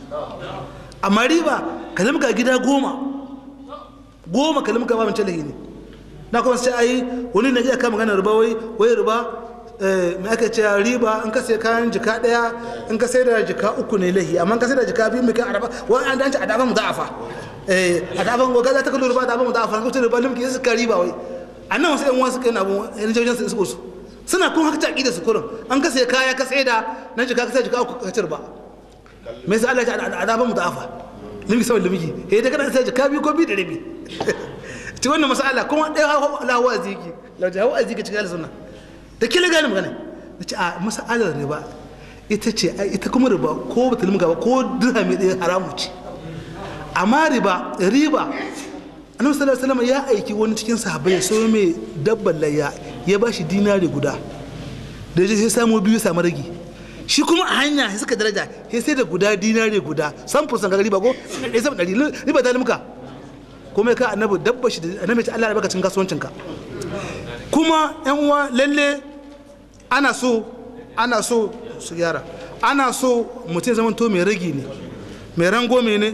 amma riba ka kalimka gida goma goma kalimka ba mace lahi ne na kuma sai ayi wani na iya kama gana riba wai wai riba eh, mai aka ce riba in ka sai kayan jika daya in ka sai da jika uku ne lahi amma ka sai da jika biyu mai kan araba wani an dace a dafa mu za'afa eh, a dafa mu gaza ta kalu riba da dafa mu za'afa ko ta riba limki su ka riba wai a nan wasu yan wasu kan abin yan jajen su isko su suna kun haka taƙi da su kurin an kasa kaya ka tsaida nan jika ka jika uku kacar ba me yasa Allah ya ce azaban mutaafa limiki sawan limiki eh da kana sai jika biyu ko biyu da rabi ci wannan masala kuma ɗaya hawa wazi ki la jahu aziki cikin al-sunna da kila gani magana nace a masalar riba ita ce ita kuma riba ko bata limga ba ko mai ɗaya haramu ce amma riba riba annabi sallallahu alaihi wasallam ya aiki wani cikin sahabbai so mai dabban layya ya ba shi dinari guda da ya sai samu biyu samu ragi shi kuma a hanya sai suka daraja sai sai da guda dinari guda san fusan ba ko eh sam dari riba ta limka kuma ka annabi dabba shi da annabi ce Allah ya baka cin kasuwancin ka kuma yan uwa lalle ana so ana so su gyara ana so mutum ya zama to mai ragi ne mai rangome ne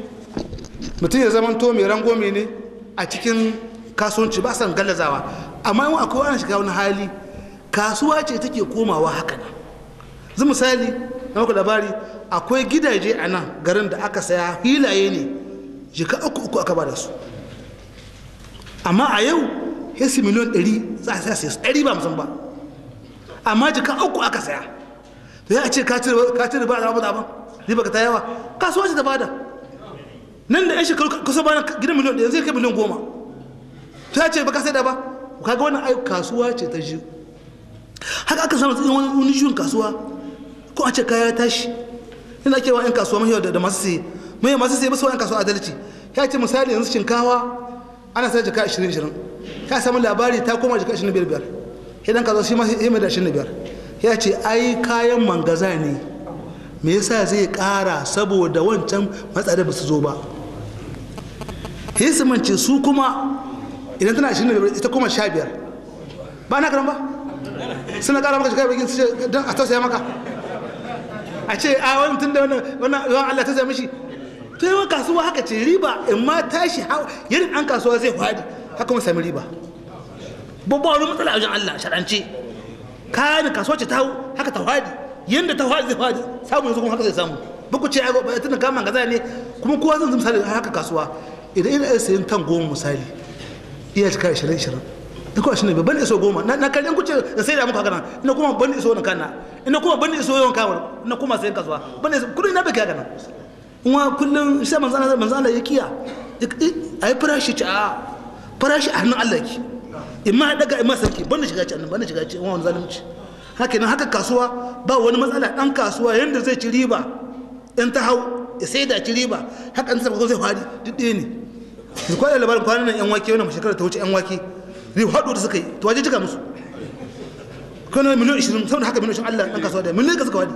mutum ya zama to mai rangome ne a cikin kasuwanci ba san gallazawa amma yin akwai wani shiga wani hali kasuwa ce take komawa haka nan zai misali na maka labari akwai gidaje a nan garin da aka saya hilaye ne jika uku uku aka ba da su amma a yau hesi miliyon 100 za a saya sai 100 ba musamman ba amma jika uku aka saya to ya ce ka cire ba a zama ba riba ka ta yawa kasuwa ce ta bada nan da yan shekaru kusa bayan gidan miliyon ɗaya zai kai miliyon goma to ya ce ba ka sai da ba kaga wannan ai kasuwa ce ta shi haka aka samu tsayin wani unishin kasuwa ko a ce kaya tashi yana kewa yan kasuwa mahiyar da masu saye mahiyar masu ba masu yan kasuwa adalci ya ce misali yanzu shinkawa ana sai jika 20-20 ka samu labari ta koma jika 25 idan kasuwa shi ma sai mai da biyar. ya ce ai kayan mangaza ne me yasa zai kara saboda wancan matsalar ba su zo ba hisimanci su kuma idan tana 25 ita kuma biyar ba na karan ba suna kara maka shiga bakin don a tausaya maka a ce a wani tun da wannan yawan Allah ta zai mishi to yawan kasuwa haka ce riba in ma tashi yadda an kasuwa zai fadi haka kuma sami riba babba wani matsala a wajen Allah sharance kayan kasuwa ce ta hau haka ta fadi yadda ta fadi zai fadi samun yanzu kuma haka zai samu ba ku ce a tun da kama gaza ne kuma kowa zan zama misali haka kasuwa idan ina sayan tan goma misali iya cika shirin shirin da kuma shi ne ban iso goma na karyar yan kuce da sai da muku haka nan ina kuma ban iso wani kana ina kuma ban iso yawan kawar ina kuma sayan kasuwa ban iso kudu na bai kai haka nan kuma kullum sai manzo Allah manzo ya kiya a yi farashi ci a farashi a hannun Allah ki imma daga imma sarki ban shiga ci annan ban shiga ci wani zalunci haka nan haka kasuwa ba wani matsala dan kasuwa yanda zai ci riba in ta hau ya sai da ci riba haka in ta zai fari duk ɗaya ne su kwanan labarin kwanan nan yan wake wannan shekarar ta wuce yan wake zai haɗu da suka yi to waje jika musu kana miliyan ishirin saboda haka miliyan Allah dan kasuwa da miliyan ka suka wadi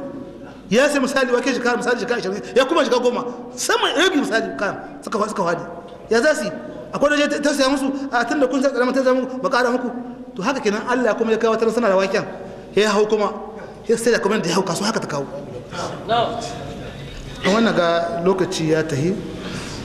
ya sai misali wake shekara misali shekara 20 ya kuma shekara goma sama rabi misali kan suka suka wadi ya za su yi akwai waje ta saya musu a da kun sa karama ta zama ba ƙara muku to haka kenan Allah kuma ya kawo ta sana da waken ya hau kuma ya sai da kuma da ya hau kasuwa haka ta kawo a wannan ga lokaci ya tahi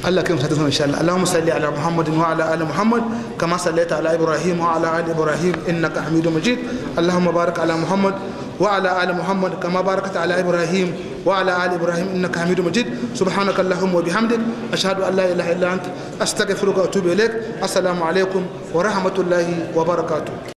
Allah kan fata insha Allah. Allahumma salli ala Muhammad wa ala ali Muhammad kama sallaita ala Ibrahim wa ala ali Ibrahim innaka Hamidum Majid. Allahumma barik ala Muhammad wa ala ali Muhammad kama barakta ala Ibrahim wa ala ali Ibrahim innaka Hamidum Majid. Subhanaka Allahumma wa bihamdik ashhadu an la ilaha illa anta astaghfiruka wa atubu ilaik. Assalamu alaikum wa rahmatullahi wa barakatu.